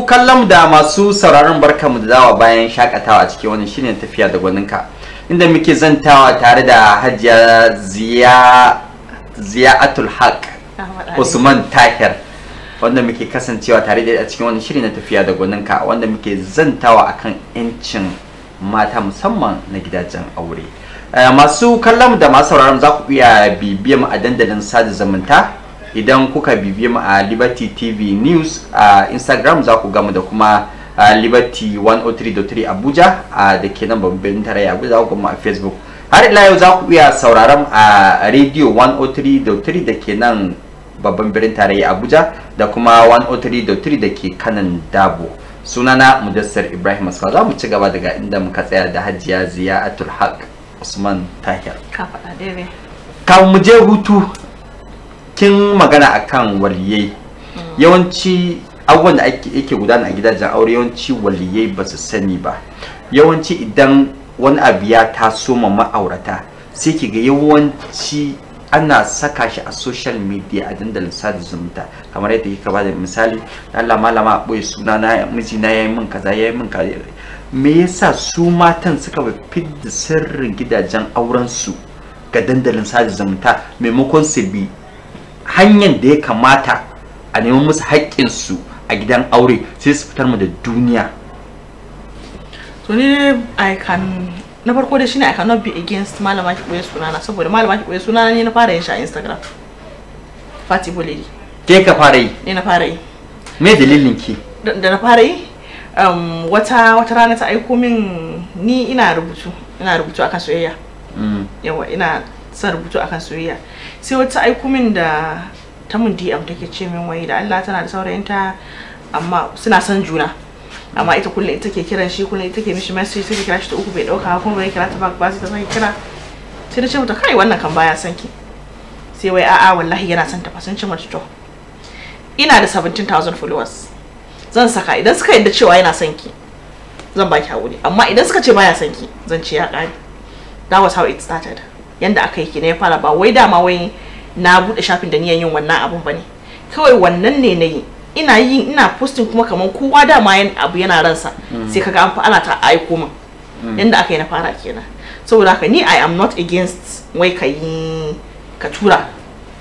ku kallon da masu sauraron barkamu da dawa bayan shakatawa cikin wani shirin tafiya da gwaninka inda muke zantawa tare da hajiya ziya'atul haq usman tahir wanda muke kasancewa tare da a cikin wani shirin na tafiya da gwaninka wanda muke zantawa akan 'yancin mata musamman na gidajen aure eh, masu kallon da masu sauraron za ku iya bibiyar mu a dandalin sada zumunta idan kuka bibi mu a liberty tv news a instagram za ku gamu da kuma liberty 103.3 abuja da ke nan babban tarayya abuja za ku gamu a facebook har ila yau za ku iya sauraron a radio 103.3 da ke nan babban birnin tarayya abuja da kuma 103.3 da ke kanan dabo sunana mudassar ibrahim asfa za mu ci gaba daga inda muka tsaya da hajiya ziya haq usman tahir ka mu je hutu kin magana akan waliyai yawanci abubuwan da yake gudana a gidajen aure yawanci waliyai ba su sani ba yawanci idan wani abu ya taso ma ma'aurata sai ki ga yawanci ana saka shi a social media a dandalin sada zumunta kamar yadda kika da misali Allah malama a boye suna na miji na yayi min kaza yayi min kaza me yasa su matan suka fidda sirrin gidajen auren su ga dandalin sada zumunta maimakon su bi hanyar da ya kamata a neman musu haƙƙinsu a gidan aure sai su fitar mu da duniya to ne i can na farko da shine i cannot be against malama ki koyi sunana saboda malama ki koyi sunana ne na fara yin shi a instagram fati boleri. ke ka fara yi ne na fara yi me dalilin ki da na fara yi um, wata wata rana ta aiko min ni ina rubutu ina rubutu akan soyayya mm. yawa ina son rubutu akan soyayya sai wata aikumin da ta mun DM take ce min wai da Allah tana da saurayinta amma suna son juna amma ita kullum ita ke kiran shi kullum ita ke mishi message take kira shi ta uku bai dauka kuma bai kira ta ba ba sai ta sai kira sai ta ce mata kai wannan kan baya son ki sai wai a'a wallahi yana son ta fasan ce mata to ina da 17000 followers zan saka idan suka yadda cewa yana son ki zan baki haƙuri amma idan suka ce baya son ki zan ce ya ƙare that was how it started yanda aka yi na ya fara ba wai dama wai na bude shafin da niyan yin wannan abun bane kawai wannan ne nayi ina yi ina posting kuma kaman kowa dama yan abu yana ransa mm. sai kaga an fa ana ta aiko min mm. yanda aka yi na fara kenan saboda haka ni i am not against wai ka yi ka tura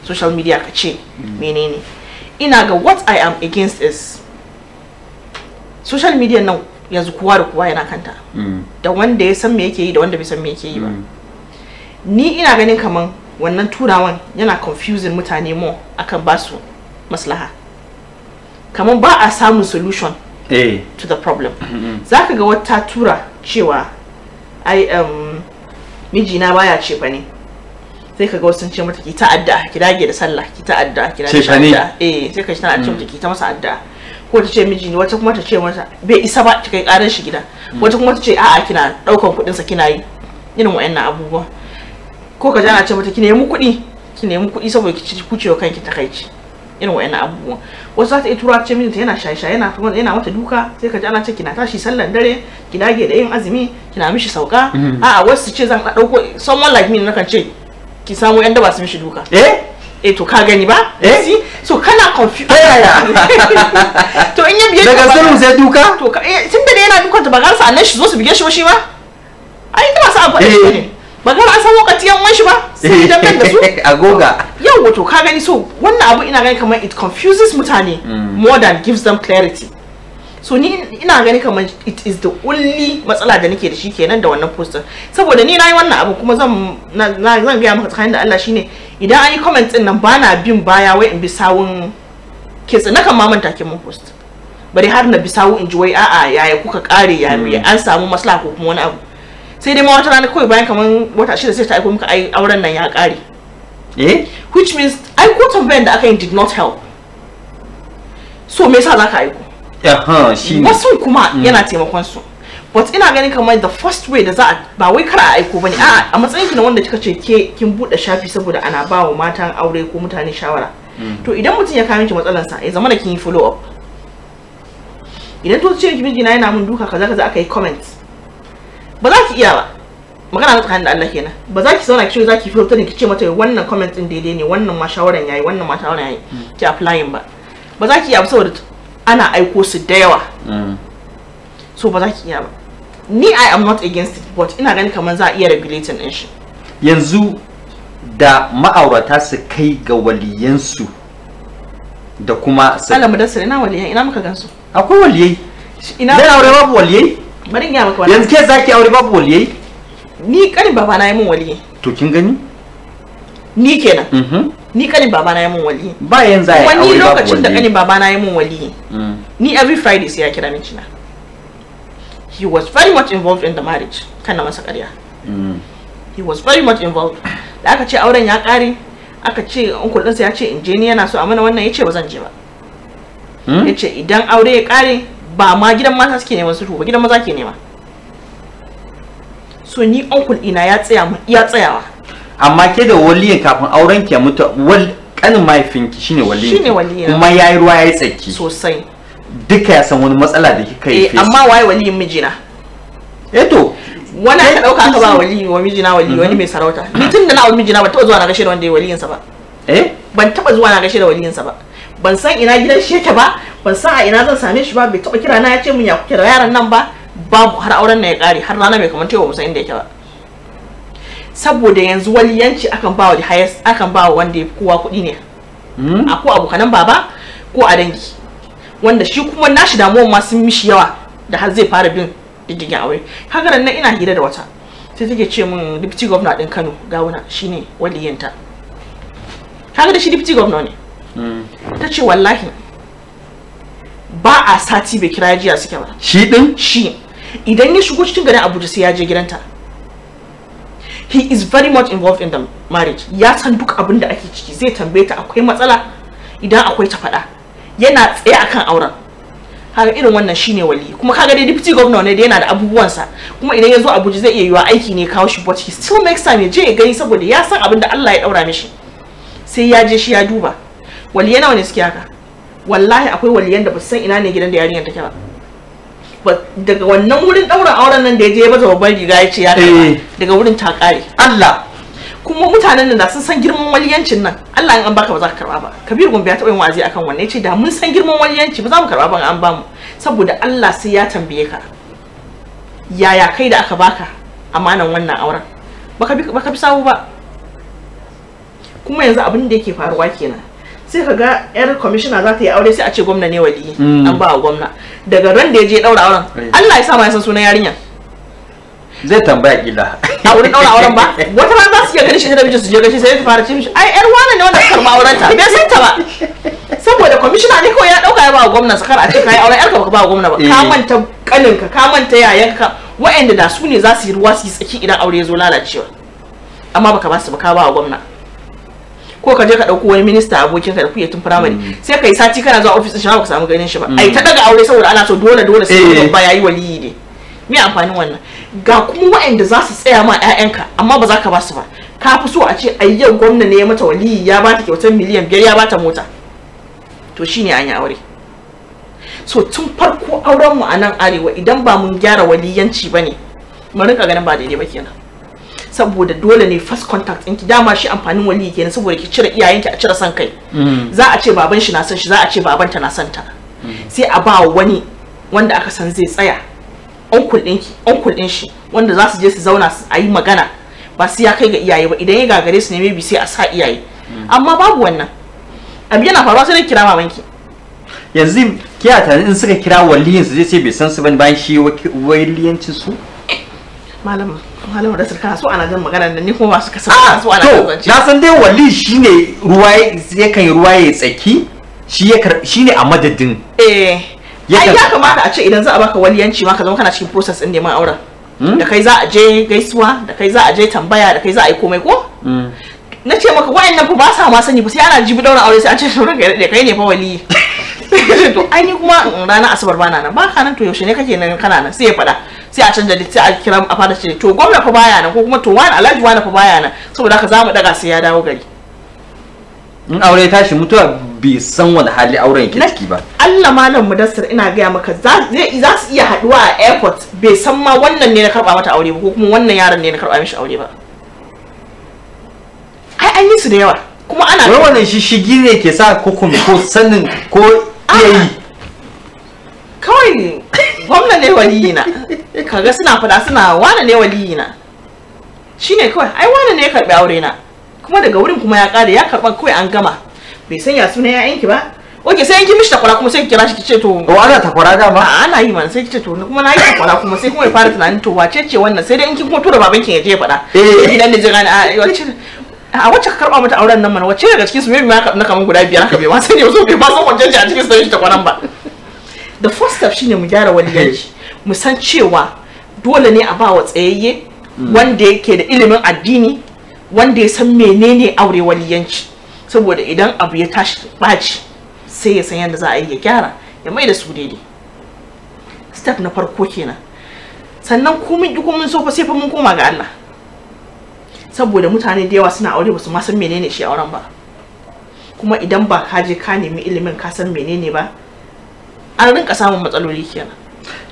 social media ka ce mm. menene ina ga what i am against is social media nan yanzu kowa da kowa yana kanta da wanda ya san me yake yi da wanda bai san me yake yi ba ni ina ganin kaman wannan turawan yana confusing mutane mo akan basu maslaha kaman ba a samun solution hey. Eh. to the problem mm-hmm. zaka ga wata tura cewa ai um, mijina baya ce fa ne sai ka ga wasu sun ce mata ki ta'adda ki dage da sallah ki ta'adda ki dage da eh sai ka ci tana ce mm. mata ki ta masa adda ko ta ce miji wata kuma ta ce mata bai isa ba ki kai karin shi gida mm. wata kuma ta ce a'a kina daukan kudin sa kina yi irin wayannan abubuwa ko ka jana ce mata ki nemi kuɗi ki nemi kuɗi saboda ki ci kucewa kanki takaici irin wa'annan abubuwa wasu za ta yi tura ce mijinta yana shaisha yana yana yana mata duka sai ka ji ana ce kina tashi sallan dare ki dage da yin azumi kina mishi sauka mm-hmm. a'a wasu ce zan dauko someone like me nakan ce ki samu yan daba su mishi duka eh eh to ka gani ba eh si so kana ya to in ya biye daga sulhu sai duka to eh, tun da yana dukan ta ba garsa annan shi zo su bige shi ba shi ba ai ita masu abu ne ba ga an san wakati yan wanshi ba sai idan kan da su agoga yau wato ka gani so wannan abu ina gani kamar it confuses mutane mm. more than gives them clarity so ni ina gani kamar it is the only matsala da nake da shi kenan da wannan poster saboda ni nayi wannan abu kuma zan zan gaya maka tsakanin da Allah shine idan an yi comment din nan bana bin baya wai in bi sawun kitsi na kan ma manta kin mun post bari har na bi sawun in ji wai a'a yaya kuka kare ya mm. an samu maslaha ko kuma wani abu sai dai ma wata rana kawai bayan kaman wata shida sai ta aiko muka ai auren nan ya kare eh which means ai ko tambayan da aka yi did not help so me yasa zaka aiko aha ne. wasu kuma mm. yana taimakon su but ina ganin kamar the first way da za a ba wai kar a aiko bane a a matsayin ki na wanda kika ce ke kin bude shafi saboda ana ba wa matan aure ko mutane shawara mm. to idan mutum ya kawo miki matsalar sa ya zama da kin yi follow up idan to ce ki miji na yana mun duka kaza kaza aka yi comments ba za ki iya ba magana na tsakanin da Allah kenan ba za ki zauna ki ce za ki filter ne ki ce mata wannan comment din daidai ne wannan ma shawaran yayi wannan ma shawaran yayi hmm. ki applying ba ba za ki iya ba saboda ana aiko su da yawa hmm. so ba za ki iya ba ni I am not against it but ina ganin kamar za a iya regulating din shi yanzu da ma'aurata su kai ga waliyansu da kuma su alamu da su ina waliyan ina muka gansu akwai waliyai ina da babu waliyai bari in maka wannan yanzu ke zaki aure babu waliyai ni kanin baba na yi min waliyi to kin gani ni kenan mhm. ni kanin baba na yi min waliyi ba yanzu ai wani lokacin da kanin baba na yi min waliyi mm. ni every friday sai ya kira min kina he was very much involved in the marriage Kan na masa ƙarya mm. he was very much involved da aka ce auren ya ƙare aka ce uncle ɗinsa ya ce in je ni yana so a mana wannan ya ce ba zan je ba mm? ya ce idan aure ya ƙare ba ma gidan mata suke neman su ba gidan maza ke nema so ni uncle ina ya tsaya mu ya tsayawa amma ke da waliyin kafin auren ki mutu wal kanin mahaifinki shine waliyin shine waliyin kuma yayi ruwa yayi tsaki sosai duka ya san wani matsala da kika yi eh amma waye waliyin mijina eh to wani aka dauka aka ba wali wa mijina wali wani mhm. mai sarauta ni tun da na wa mijina ban ta zuwa na gashe da wanda ya sa ba eh ban taba zuwa na gashe da sa ba ban san ina gidan sheke ba ban san a ina zan same shi ba bai taba kira na ya ce min ya kira yaran nan ba babu har auren na ya kare har rana mai kamar ba san inda yake ba saboda yanzu waliyanci akan ba wa hayas akan ba wanda ya fi kowa kuɗi ne hmm? a ko abokanan baba ko a dangi wanda shi kuma nashi damuwan ma sun mishi yawa da har zai fara bin diddigin aure kaga nan ina hira da wata sai take ce mun deputy governor din Kano gawuna shine waliyanta kaga da shi deputy governor ne hmm. ta ce wallahi ba a sati bai kira jiya suke ba shi din shi idan ya shigo cikin garin abuja sai ya je gidanta he is very much involved in the marriage ya san duk abin da ake ciki zai tambaye ta akwai matsala idan akwai ta faɗa yana tsaye akan auren Haka irin wannan shine wali kuma kaga dai deputy governor ne da yana da sa kuma idan ya zo abuja zai iya yiwa aiki ne kawo shi but he still makes time ya je ya gani saboda ya san abin da allah ya daura mishi sai ya je shi ya duba wali yana wani suke haka wallahi akwai waliyan da ba san ina ne gidan da yarinyar take ba daga wannan wurin daura auren nan da ya je ya baza babban riga ya ce ya kai eh. daga wurin ta kare Allah kuma mutanen da sun san girman waliyancin nan Allah in an baka ba za ka karba ba Kabir Gombe ya taɓa yin wazi akan wannan yace da mun san girman waliyanci ba za mu karba ba an bamu saboda Allah sai ya tambaye ka yaya kai da aka baka amanan wannan auren baka bi sawu ba kuma yanzu abin da yake faruwa kenan sai ka ga yar commissioner za ta yi aure sai a ce gwamna ne wali mm. an ba wa gwamna daga ran da ya je daura auren Allah ya sa ma ya san sunan yarinya zai tambaya kila a wurin daura auren ba wata ran za su iya ganin shi da mijin su je gashi sai ta fara ce mishi ai yar wani ne wanda karma auren ta bai san ta ba saboda commissioner ne kawai ya dauka ya ba wa gwamna sakar a ce kai auren yar ka ba wa gwamna ba ka eh. manta kanin ka manta yayanka wa'anda da su ne za su yi ruwa su yi tsaki idan aure ya zo lalacewa amma baka ba su ba ka ba wa gwamna ko ka je ka dauko wani minista abokin ka da kuke tun firamare mm. sai kai sati kana zuwa office shawo ba ka samu ganin shi ba ai ta daga mm. aure saboda ana so dole dole sai eh. ba yayi waliyi ne me amfanin wannan ga kuma waɗanda za su tsaya ma 'ya'yanka amma ba za ka ba su ba ka fi so a ce yau gwamna ne ya mata waliyi ya ba ta kyautar miliyan biyar ya ba ta mota to shine an yi aure so tun farko auren mu a nan arewa idan ba mun gyara waliyanci ba ne mu rinka ganin ba daidai ba kenan saboda dole ne first contact ɗinki dama shi amfanin wali kenan saboda ki cire iyayenki a cire san kai mm. za a ce baban shi na son shi za a ce babanta na son ta mm. sai a ba wani wanda aka san zai tsaya uncle ɗinki uncle ɗin shi wanda za su je su zauna a yi magana ba su ya kai ga iyaye ba idan ya gagare su ne maybe sai a sa iyaye mm. amma babu wannan abu yana faruwa sai kira mamanki yanzu kiya tare in suka kira waliyin su zai ce bai san su bane bayan shi waliyancin su malama Malamu da sirka so ana jin magana da ni kuma masu kasa ah, so ana kasance. Na san dai wali shine ruwa yakan yi ruwa ya tsaki shi ya shine a madadin. Eh. Ai ya kamata a ce idan za a baka waliyanci ma ka zama kana cikin process din neman auren. Hmm? Da kai za a je gaisuwa, da kai za a je tambaya, da kai za a yi komai ko? Hmm. Na ce maka wa'annan fa ba sa ma sani ba sai ana jibi daura aure sai an ce sauran kai kai ne fa wali. to ai ni kuma mm, ranar asabar bana nan ba ka nan to yaushe ne kake nan kana nan sai ya faɗa. sai a canja litti a kira a fara ce to gwamna fa baya nan ko kuma to wani alhaji wani fa baya nan saboda haka zamu daga sai ya dawo gari in aure tashi mutuwa bai san wani hali auren ke ciki ba Allah malam mudassir ina gaya maka za su iya haduwa a airport bai san ma wannan ne na karba mata aure ba ko kuma wannan yaron ne na karba mishi aure ba ai an yi su da yawa kuma ana wai wannan shishigi ne ke sa ko ko sanin ko iya yi ne gwamna ne waliyina kaga suna fada suna wannan ne waliyina shine kawai ai wannan ne ya karbi aure na kuma daga wurin kuma ya kare ya karba kawai an gama bai sanya ya yanki ba Oke sai yanki mishi takwara kuma sai kira shi kice to. To ana takwara da ma ana yi man sai kice to kuma na yi takwara kuma sai kuma ya fara tunanin to wace ce wannan sai dai in kin kuma tura baban kin ya je faɗa. Eh. idan da jira a eh, wace a wacce ka karba mata auren nan mana wacce daga cikin su mai ma na kaman guda biyar haka bai ma sai ne zo bai ba san wace ce a cikin sai takwaran ba. Da first step shine mu gyara waliyanci eh. mu san cewa dole ne a ba wa tsayayye mm. wanda yake da ilimin addini wanda ya san menene aure waliyanci saboda idan abu ya tashi baci sai ya san yadda za a yi ya gyara ya mai da su daidai step na farko kenan sannan mun ki mun so fa sai fa mun koma ga Allah saboda mutane da yawa suna aure ba su ma san menene shi auren ba kuma idan ba ka je ka nemi ilimin ka san menene ba an rinka samun matsaloli kenan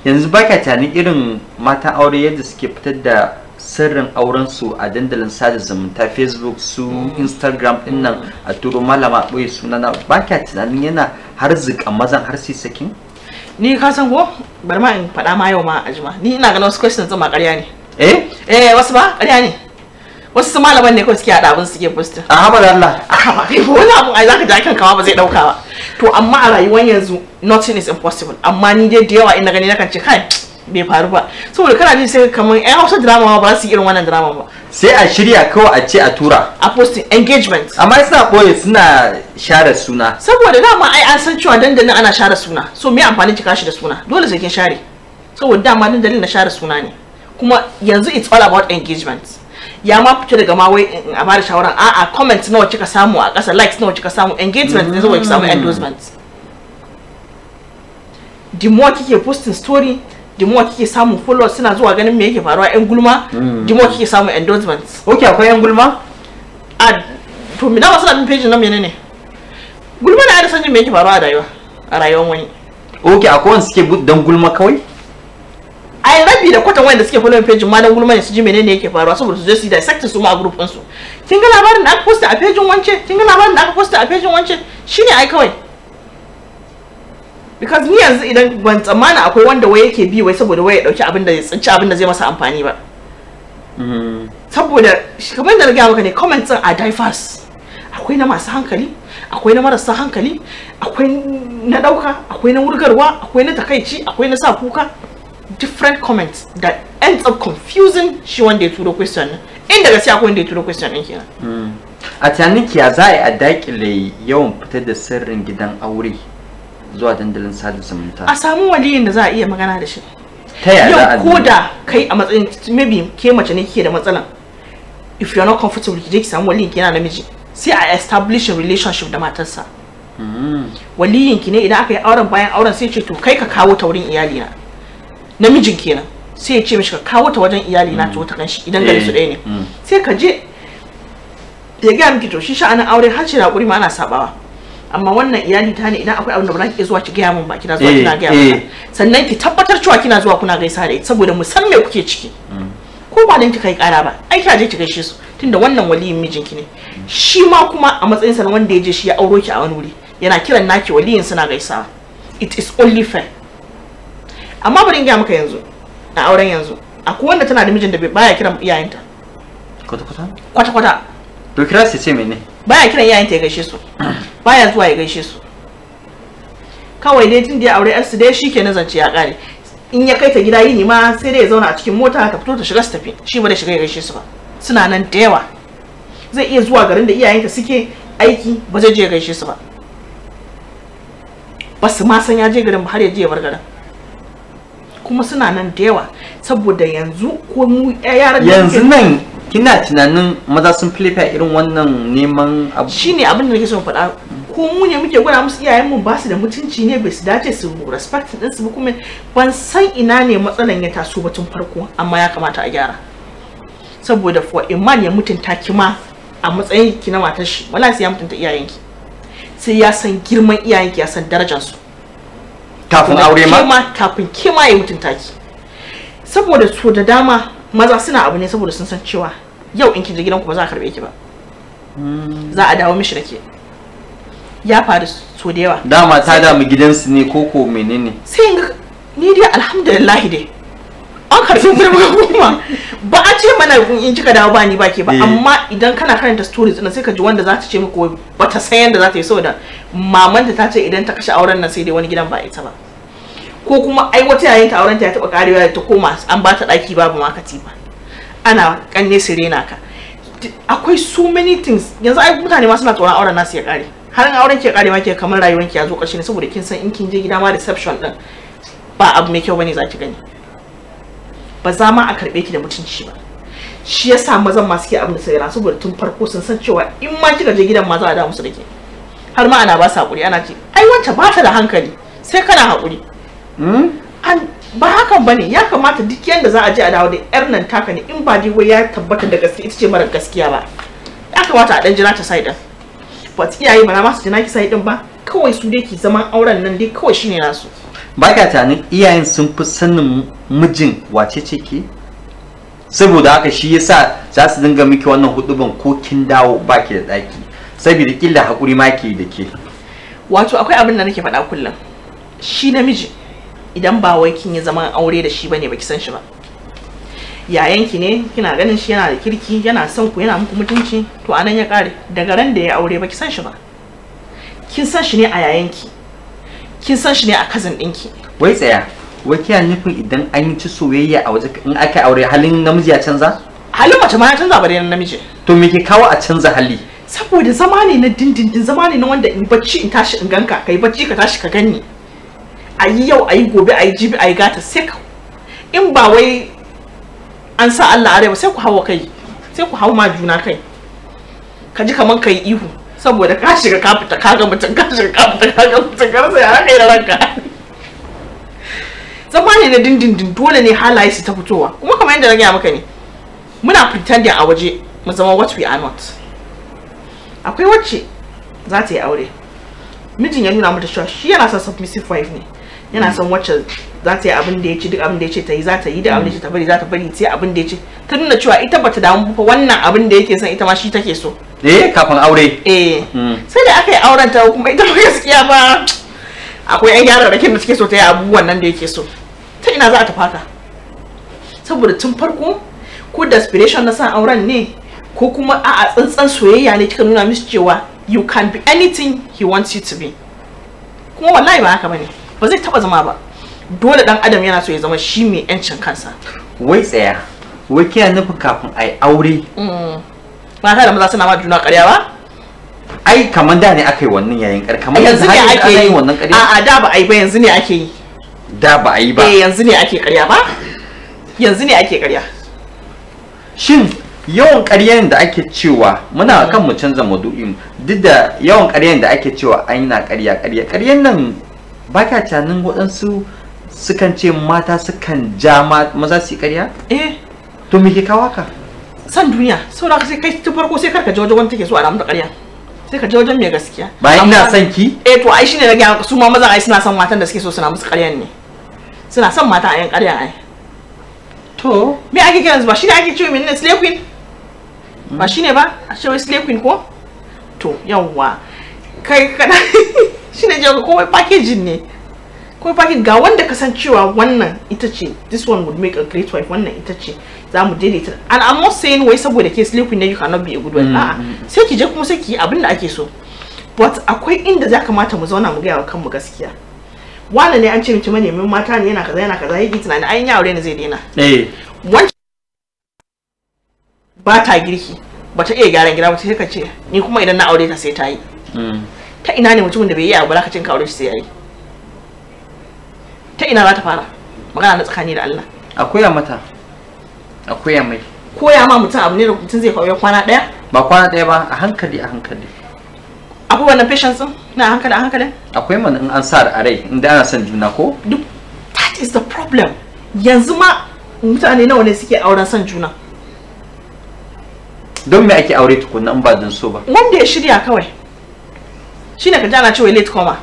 yanzu ba tani irin mata aure yadda suke fitar da sirrin auren su a dandalin sada zumunta facebook su mm. instagram din nan mm. a turo malama ɓoye sunana ba ka tunanin yana har zika mazan har sai sakin ni ka san ko bar ma in fada ma yau ma a ni ina ganin wasu questions ma ƙarya ne eh eh wasu ba ƙarya ne wasu su malaman ne kawai suke haɗa abin suke fusta a haɓar Allah a haɓa kai eh, wani abu ai zaka ji kawa ba zai dauka ba to amma a rayuwar yanzu nothing is impossible amma ni dai da yawa ina gani nakan ce kai bai faru ba saboda kana jin sai kamar yan hausa drama ba za su yi irin wannan drama ba sai a shirya kawai a ce a tura a posting engagement amma suna boye suna share suna saboda dama ai an san cewa dandalin ana share suna so me amfani kika shi da suna dole sai kin share saboda dama dandalin na share suna ne kuma yanzu it's all about engagement ya ma fice daga ma wai a bada shawaran a comment nawa kika samu a ƙasa likes nawa kika samu engagement ne saboda ki samu mm. endorsement di mo kike posting story di mo kike samu followers suna zuwa ganin me yake faruwa yan gulma di mm. mo kike samu endorsement okay akwai yan gulma a to mi dawa suna bin page na menene gulma na da sanin me yake faruwa a rayuwa a rayuwar wani okay akwai wanda suke dan gulma kawai ai rabi da kwatan wanda suke following page malam gulma ne su ji menene yake faruwa saboda su je su yi dissecting su ma a group din su kin ga labarin da aka posta a page wance kin ga labarin da aka posta a page wance shine ai kawai because ni yanzu idan ban tsammana akwai wanda wai yake bi wai saboda wai ya dauki abin da ya tsinci abin da zai masa amfani ba mm-hmm. saboda kamar da riga maka ne comments a diverse akwai na masu hankali akwai na marasa hankali akwai na dauka akwai na wurgarwa akwai na takaici akwai na sa kuka different comments that ends up confusing one day ya the question inda sea one day ya the question ɗin kenan hmm. a tunanin kiya za a yi a dakile yawan fitar da sirrin gidan aure zuwa dandalin sada zumunta a samu waliyin da za a iya magana da shi ta yaya za a ko da kai a matsayin maybe ke mace ne kike da matsalan if you are not comfortable ki je ki samu waliyin ki yana namiji sai a establish a relationship da matarsa hmm. waliyin ki ne idan aka yi auren bayan auren sai ce to kai ka kawo taurin iyali na namijin kenan sai ya ce mishi ka kawo ta wajen iyali na ta wata kanshi idan gari su eh, ɗaya ne mm. sai ka je ya gaya miki to shi sha'anin aure har na ƙuri ma ana sabawa amma wannan iyali ta ne idan akwai abin da ba ki zuwa ki gaya min ba kina zuwa kina eh, gaya min eh. sannan ki tabbatar cewa kina zuwa kuna gaisa da ita saboda mu san me kuke ciki mm. ko ba dan ki yi ƙara ba ai kina je ki gaishe su tunda wannan waliyin mijinki ne shi ma kuma a matsayin sa wanda ya je shi ya auro ki a wani wuri yana kiran naki waliyin suna gaisawa it is only fair amma bari in gaya maka yanzu a auren yanzu akwai wanda tana da mijin da baya kiran iyayenta kwata kwata kwata kwata to kira su ce mene baya kiran iyayenta ya gaishe su baya zuwa ya gaishe su kawai dai tun da ya aure yarsu dai shike na zance ya kare in ya kai ta gida yini ma sai dai ya zauna a cikin mota ta fito ta shiga su tafi shi ba da shiga ya gaishe su ba suna nan da yawa zai iya zuwa garin da iyayenta suke aiki ba zai je ya gaishe su ba ba su ma san ya je garin ba har ya je ya bar garin kuma suna nan da yawa saboda yanzu ko mu eh, yaran yanzu nan kina tunanin maza sun filifa irin wannan neman abu shine abin da nake son faɗa ko mu ne muke gwada musu iyayen mu ba su da mutunci ne bai su dace su respect din su kuma ban san ina ne matsalan ya taso batun farko amma ya kamata a gyara saboda for iman ya mutunta ki ma a matsayin ki na matar shi wala sai ya mutunta iyayenki sai ya san girman iyayenki ya san darajar su kafin aure ma kafin kima ya mutunta taki saboda so da dama maza suna abu ne saboda sun san cewa yau in ki je gidanku ba za a karbe ki ba hmm. za a dawo mishi rake ke ya faru so da yawa dama ta damu gidansu ne ko ko menene sai in ni dai alhamdulillah dai an karbi girma kuma ba a ce mana in kika dawo ba ni ba ke ba eh. amma idan kana karanta stories din sai ka ji wanda za ta ce muku wata sayan da za ta yi saboda mamanta ta ce idan ta kashe auren nan sai dai wani gidan ba ita ba ko kuma ai wata yayin ta auren ta ya taba karewa ta koma an ba ta daki babu ma katifa ana kanne sirena ka akwai so many things yanzu ai mutane ma suna tsoron auren nasu ya kare har auren ke kare ma ke kamar rayuwar ya zo karshe ne saboda kin san in kin je gida ma reception din ba abu mai kyau bane zaki gani ba za ma a karbe ki da mutunci ba shi yasa mazan masu ke abin da sai saboda tun farko sun san cewa in ma kika je gidan ma za a da musu da ke har ma ana ba su haƙuri ana ce ai wacce ba ta da hankali sai kana haƙuri hmm? ba hakan ba ne ya kamata duk yadda za a ji a dawo da yar nan taka ne in ba dai wai ya tabbata da gaske ita ce mara gaskiya ba ya kamata a dan jira ta sai din but iyaye ba na masu su ki sai din ba kawai su dai ki zaman auren nan dai kawai shine nasu ba ka tani iyayen sun fi sanin mijin wace ce ke saboda haka shi yasa za su dinga miki wannan hudubin ko kin dawo baki da ɗaki. saboda killa hakuri ma ke da ke wato akwai abin da nake faɗa kullum shi namiji idan ba wai kin yi zaman aure da shi bane baki san shi ba yayanki ne kina ganin shi yana da kirki yana son ku yana muku mutunci to anan ya kare daga ran da ya aure baki san shi ba kin san shi ne a yayanki kin san shi ne a kazan ɗinki wai tsaya wai kiyan nufin idan an yi ci soyayya a waje in aka aure halin namiji ya canza halin mace ma ya canza ba dai namiji to me ke kawo a canza hali saboda zama ne na dindindin zama ne na wanda in bacci in tashi in ganka kai bacci ka tashi ka gani a yi yau a yi gobe a yi jibi a yi gata sai ka in ba wai an sa Allah arewa sai ku hawa kai sai ku hau ma juna kai ka ji kamar ka yi ihu saboda ka shiga ka fita ka ga mutum ka shiga ka fita ka ga mutum ka sai ya kai ranka zama ne na dindindin dole ne halaye su ta fitowa kuma kamar yadda na gaya maka ne muna pretending a waje mu zama what we are not akwai wacce za ta yi aure mijin ya nuna mata cewa shi yana son submissive wife ne yana mm. son wacce za ta yi abin da ya ce duk abin da ya ce ta yi za ta yi da abin da ya ce ta bari za ta bari yi abin da ya ce ta nuna cewa ita bata damu ba wannan abin da yake son ita ma shi take so eh kafin aure eh mm. sai da aka yi auren ta kuma ita gaskiya ba akwai yan yararrakin da suke so ta yi abubuwan nan da yake so ta ina za ta fata saboda tun farko ko desperation na san auren ne ko kuma a tsantsan soyayya ne kika nuna musu cewa you can be anything he wants you to be kuma wallahi ba haka bane ba zai taba zama ba dole dan adam yana so ya zama shi mai yancin kansa wai tsaya wai kina nufin kafin ai aure mm. mata da maza suna ma juna ƙarya ba ai kamar da ne aka yi wannan yayin ƙarya kamar yanzu ne ake yi wannan ƙarya a'a da ba ai ba yanzu ne ake yi da ba ai ba eh yanzu ne ake ƙarya ba yanzu ne ake ƙarya shin yawan ƙaryen da ake cewa muna kan mu canza madu'in duk da yawan ƙaryen da ake cewa an na ƙarya ƙarya ƙaryen nan ba ka canin waɗansu sukan ce mata sukan ja maza su ƙarya eh to me ke kawo ka san duniya saboda sai kai tun farko sai karka je wani wanda take so a ramar da ƙarya sai ka je wajen mai gaskiya ba ina son ki eh to ai shine na ga su ma maza ai suna son matan da suke so suna musu ƙaryan ne suna son mata a yan ƙaryan ai to me ake kiransu ba ne ake cewa menene slay queen ba shine ba a ce Wesley Queen ko to yawwa kai kana shine ko komai packaging ne ko packaging ga wanda ka san cewa wannan ita ce this one would make a great wife wannan ita ce za mu daidaita and I'm not saying wai saboda ke sleeping ne you cannot be a good wife mm, a'a mm, mm. sai ki je kuma sai ki abinda abin da ake so but akwai inda za kamata mu zauna mu gaya wa kanmu gaskiya wannan ne an ce mace manemin mata ne yana kaza yana kaza yake tunani ai ya ne zai dena. eh ba ta girki ba ta iya gyaran gida ba sai ka ce ni kuma idan na aure ta sai ta yi hmm. ta ina ne mutumin da bai yi abu ba cin ka aure shi sai yayi ta ina za ta fara magana na tsakani da Allah a koya mata a koya mai koya ma mutum abu ne da mutum zai koya kwana daya ba kwana daya ba a hankali a hankali akwai wannan patience na hankali a hankali akwai mana in an sa da rai inda ana son juna ko duk that is the problem yanzu ma mutane nawa ne suke auren son juna don me ake aure tukunna in ba don so ba wanda ya shirya kawai shine ka jana cewa late comer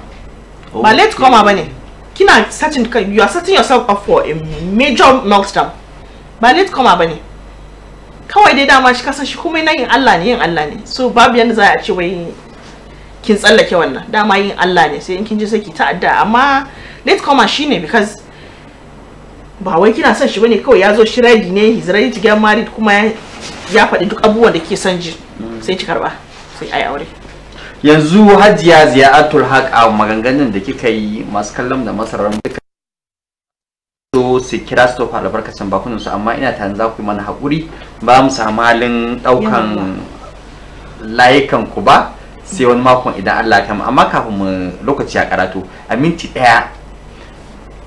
ba oh, late comer bane kina searching you are setting yourself up for a major meltdown ba late comer bane kawai dai dama shi kasan shi kuma yin Allah ne yin Allah ne so babu yanda za a ce wai kin tsallake wannan dama yin Allah ne sai in kin ji sai ta adda amma late comer shine because ba wai kina son shi bane kawai ya zo shi ready ne he's ready to get married kuma ya faɗi duk abubuwan da ke son ji sai ki karba sai ai aure yanzu hajiya ziyaratul haq a maganganun da kika yi masu kallon da masarar duka so su kira su tofa albarkacin bakunan su amma ina tare za ku yi mana haƙuri ba mu samu halin ɗaukan layukan ku ba sai wani makon idan Allah ya kama amma kafin mu lokaci ya karatu a minti ɗaya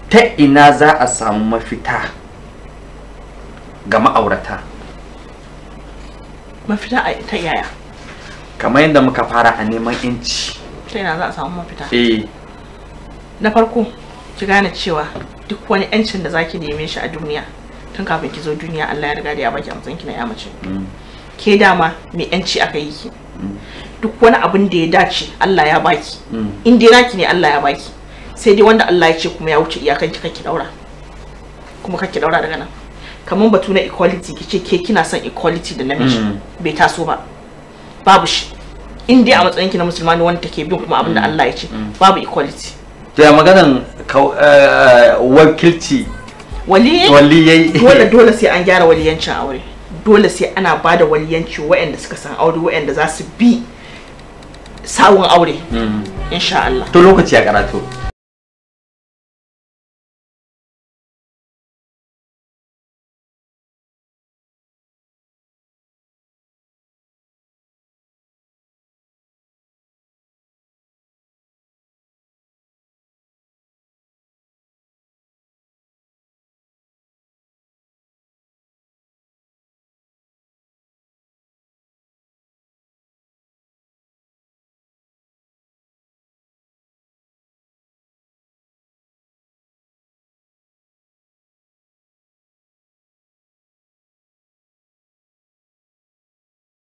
ta ina za a samu mafita ga ma'aurata mafita a ta yaya kamar yadda muka fara a neman inci ta ina za a samu mafita eh na farko ki gane cewa duk wani yancin da zaki neme shi a duniya tun kafin ki zo duniya Allah ya riga da ya baki amsan ki na ya mace mm. ke dama mai yanci aka yi ki mm. duk wani abin da ya dace Allah ya baki mm. in dai naki ne Allah ya baki sai dai wanda Allah ya ce kuma ya wuce iyakan ki kake daura kuma kake daura daga nan kaman batu na equality kice ke kina son equality da namiji mm. bai taso ba babu shi in dai a matsayin ki na musulmani wanda take bin kuma abin da mm. Allah ya ce mm. babu equality to ya maganan eh, wakilci waliyai waliyai dole dole sai an gyara waliyancin aure dole sai ana bada waliyanci waɗanda suka san aure waɗanda za su bi sawun aure insha Allah to lokaci ya karatu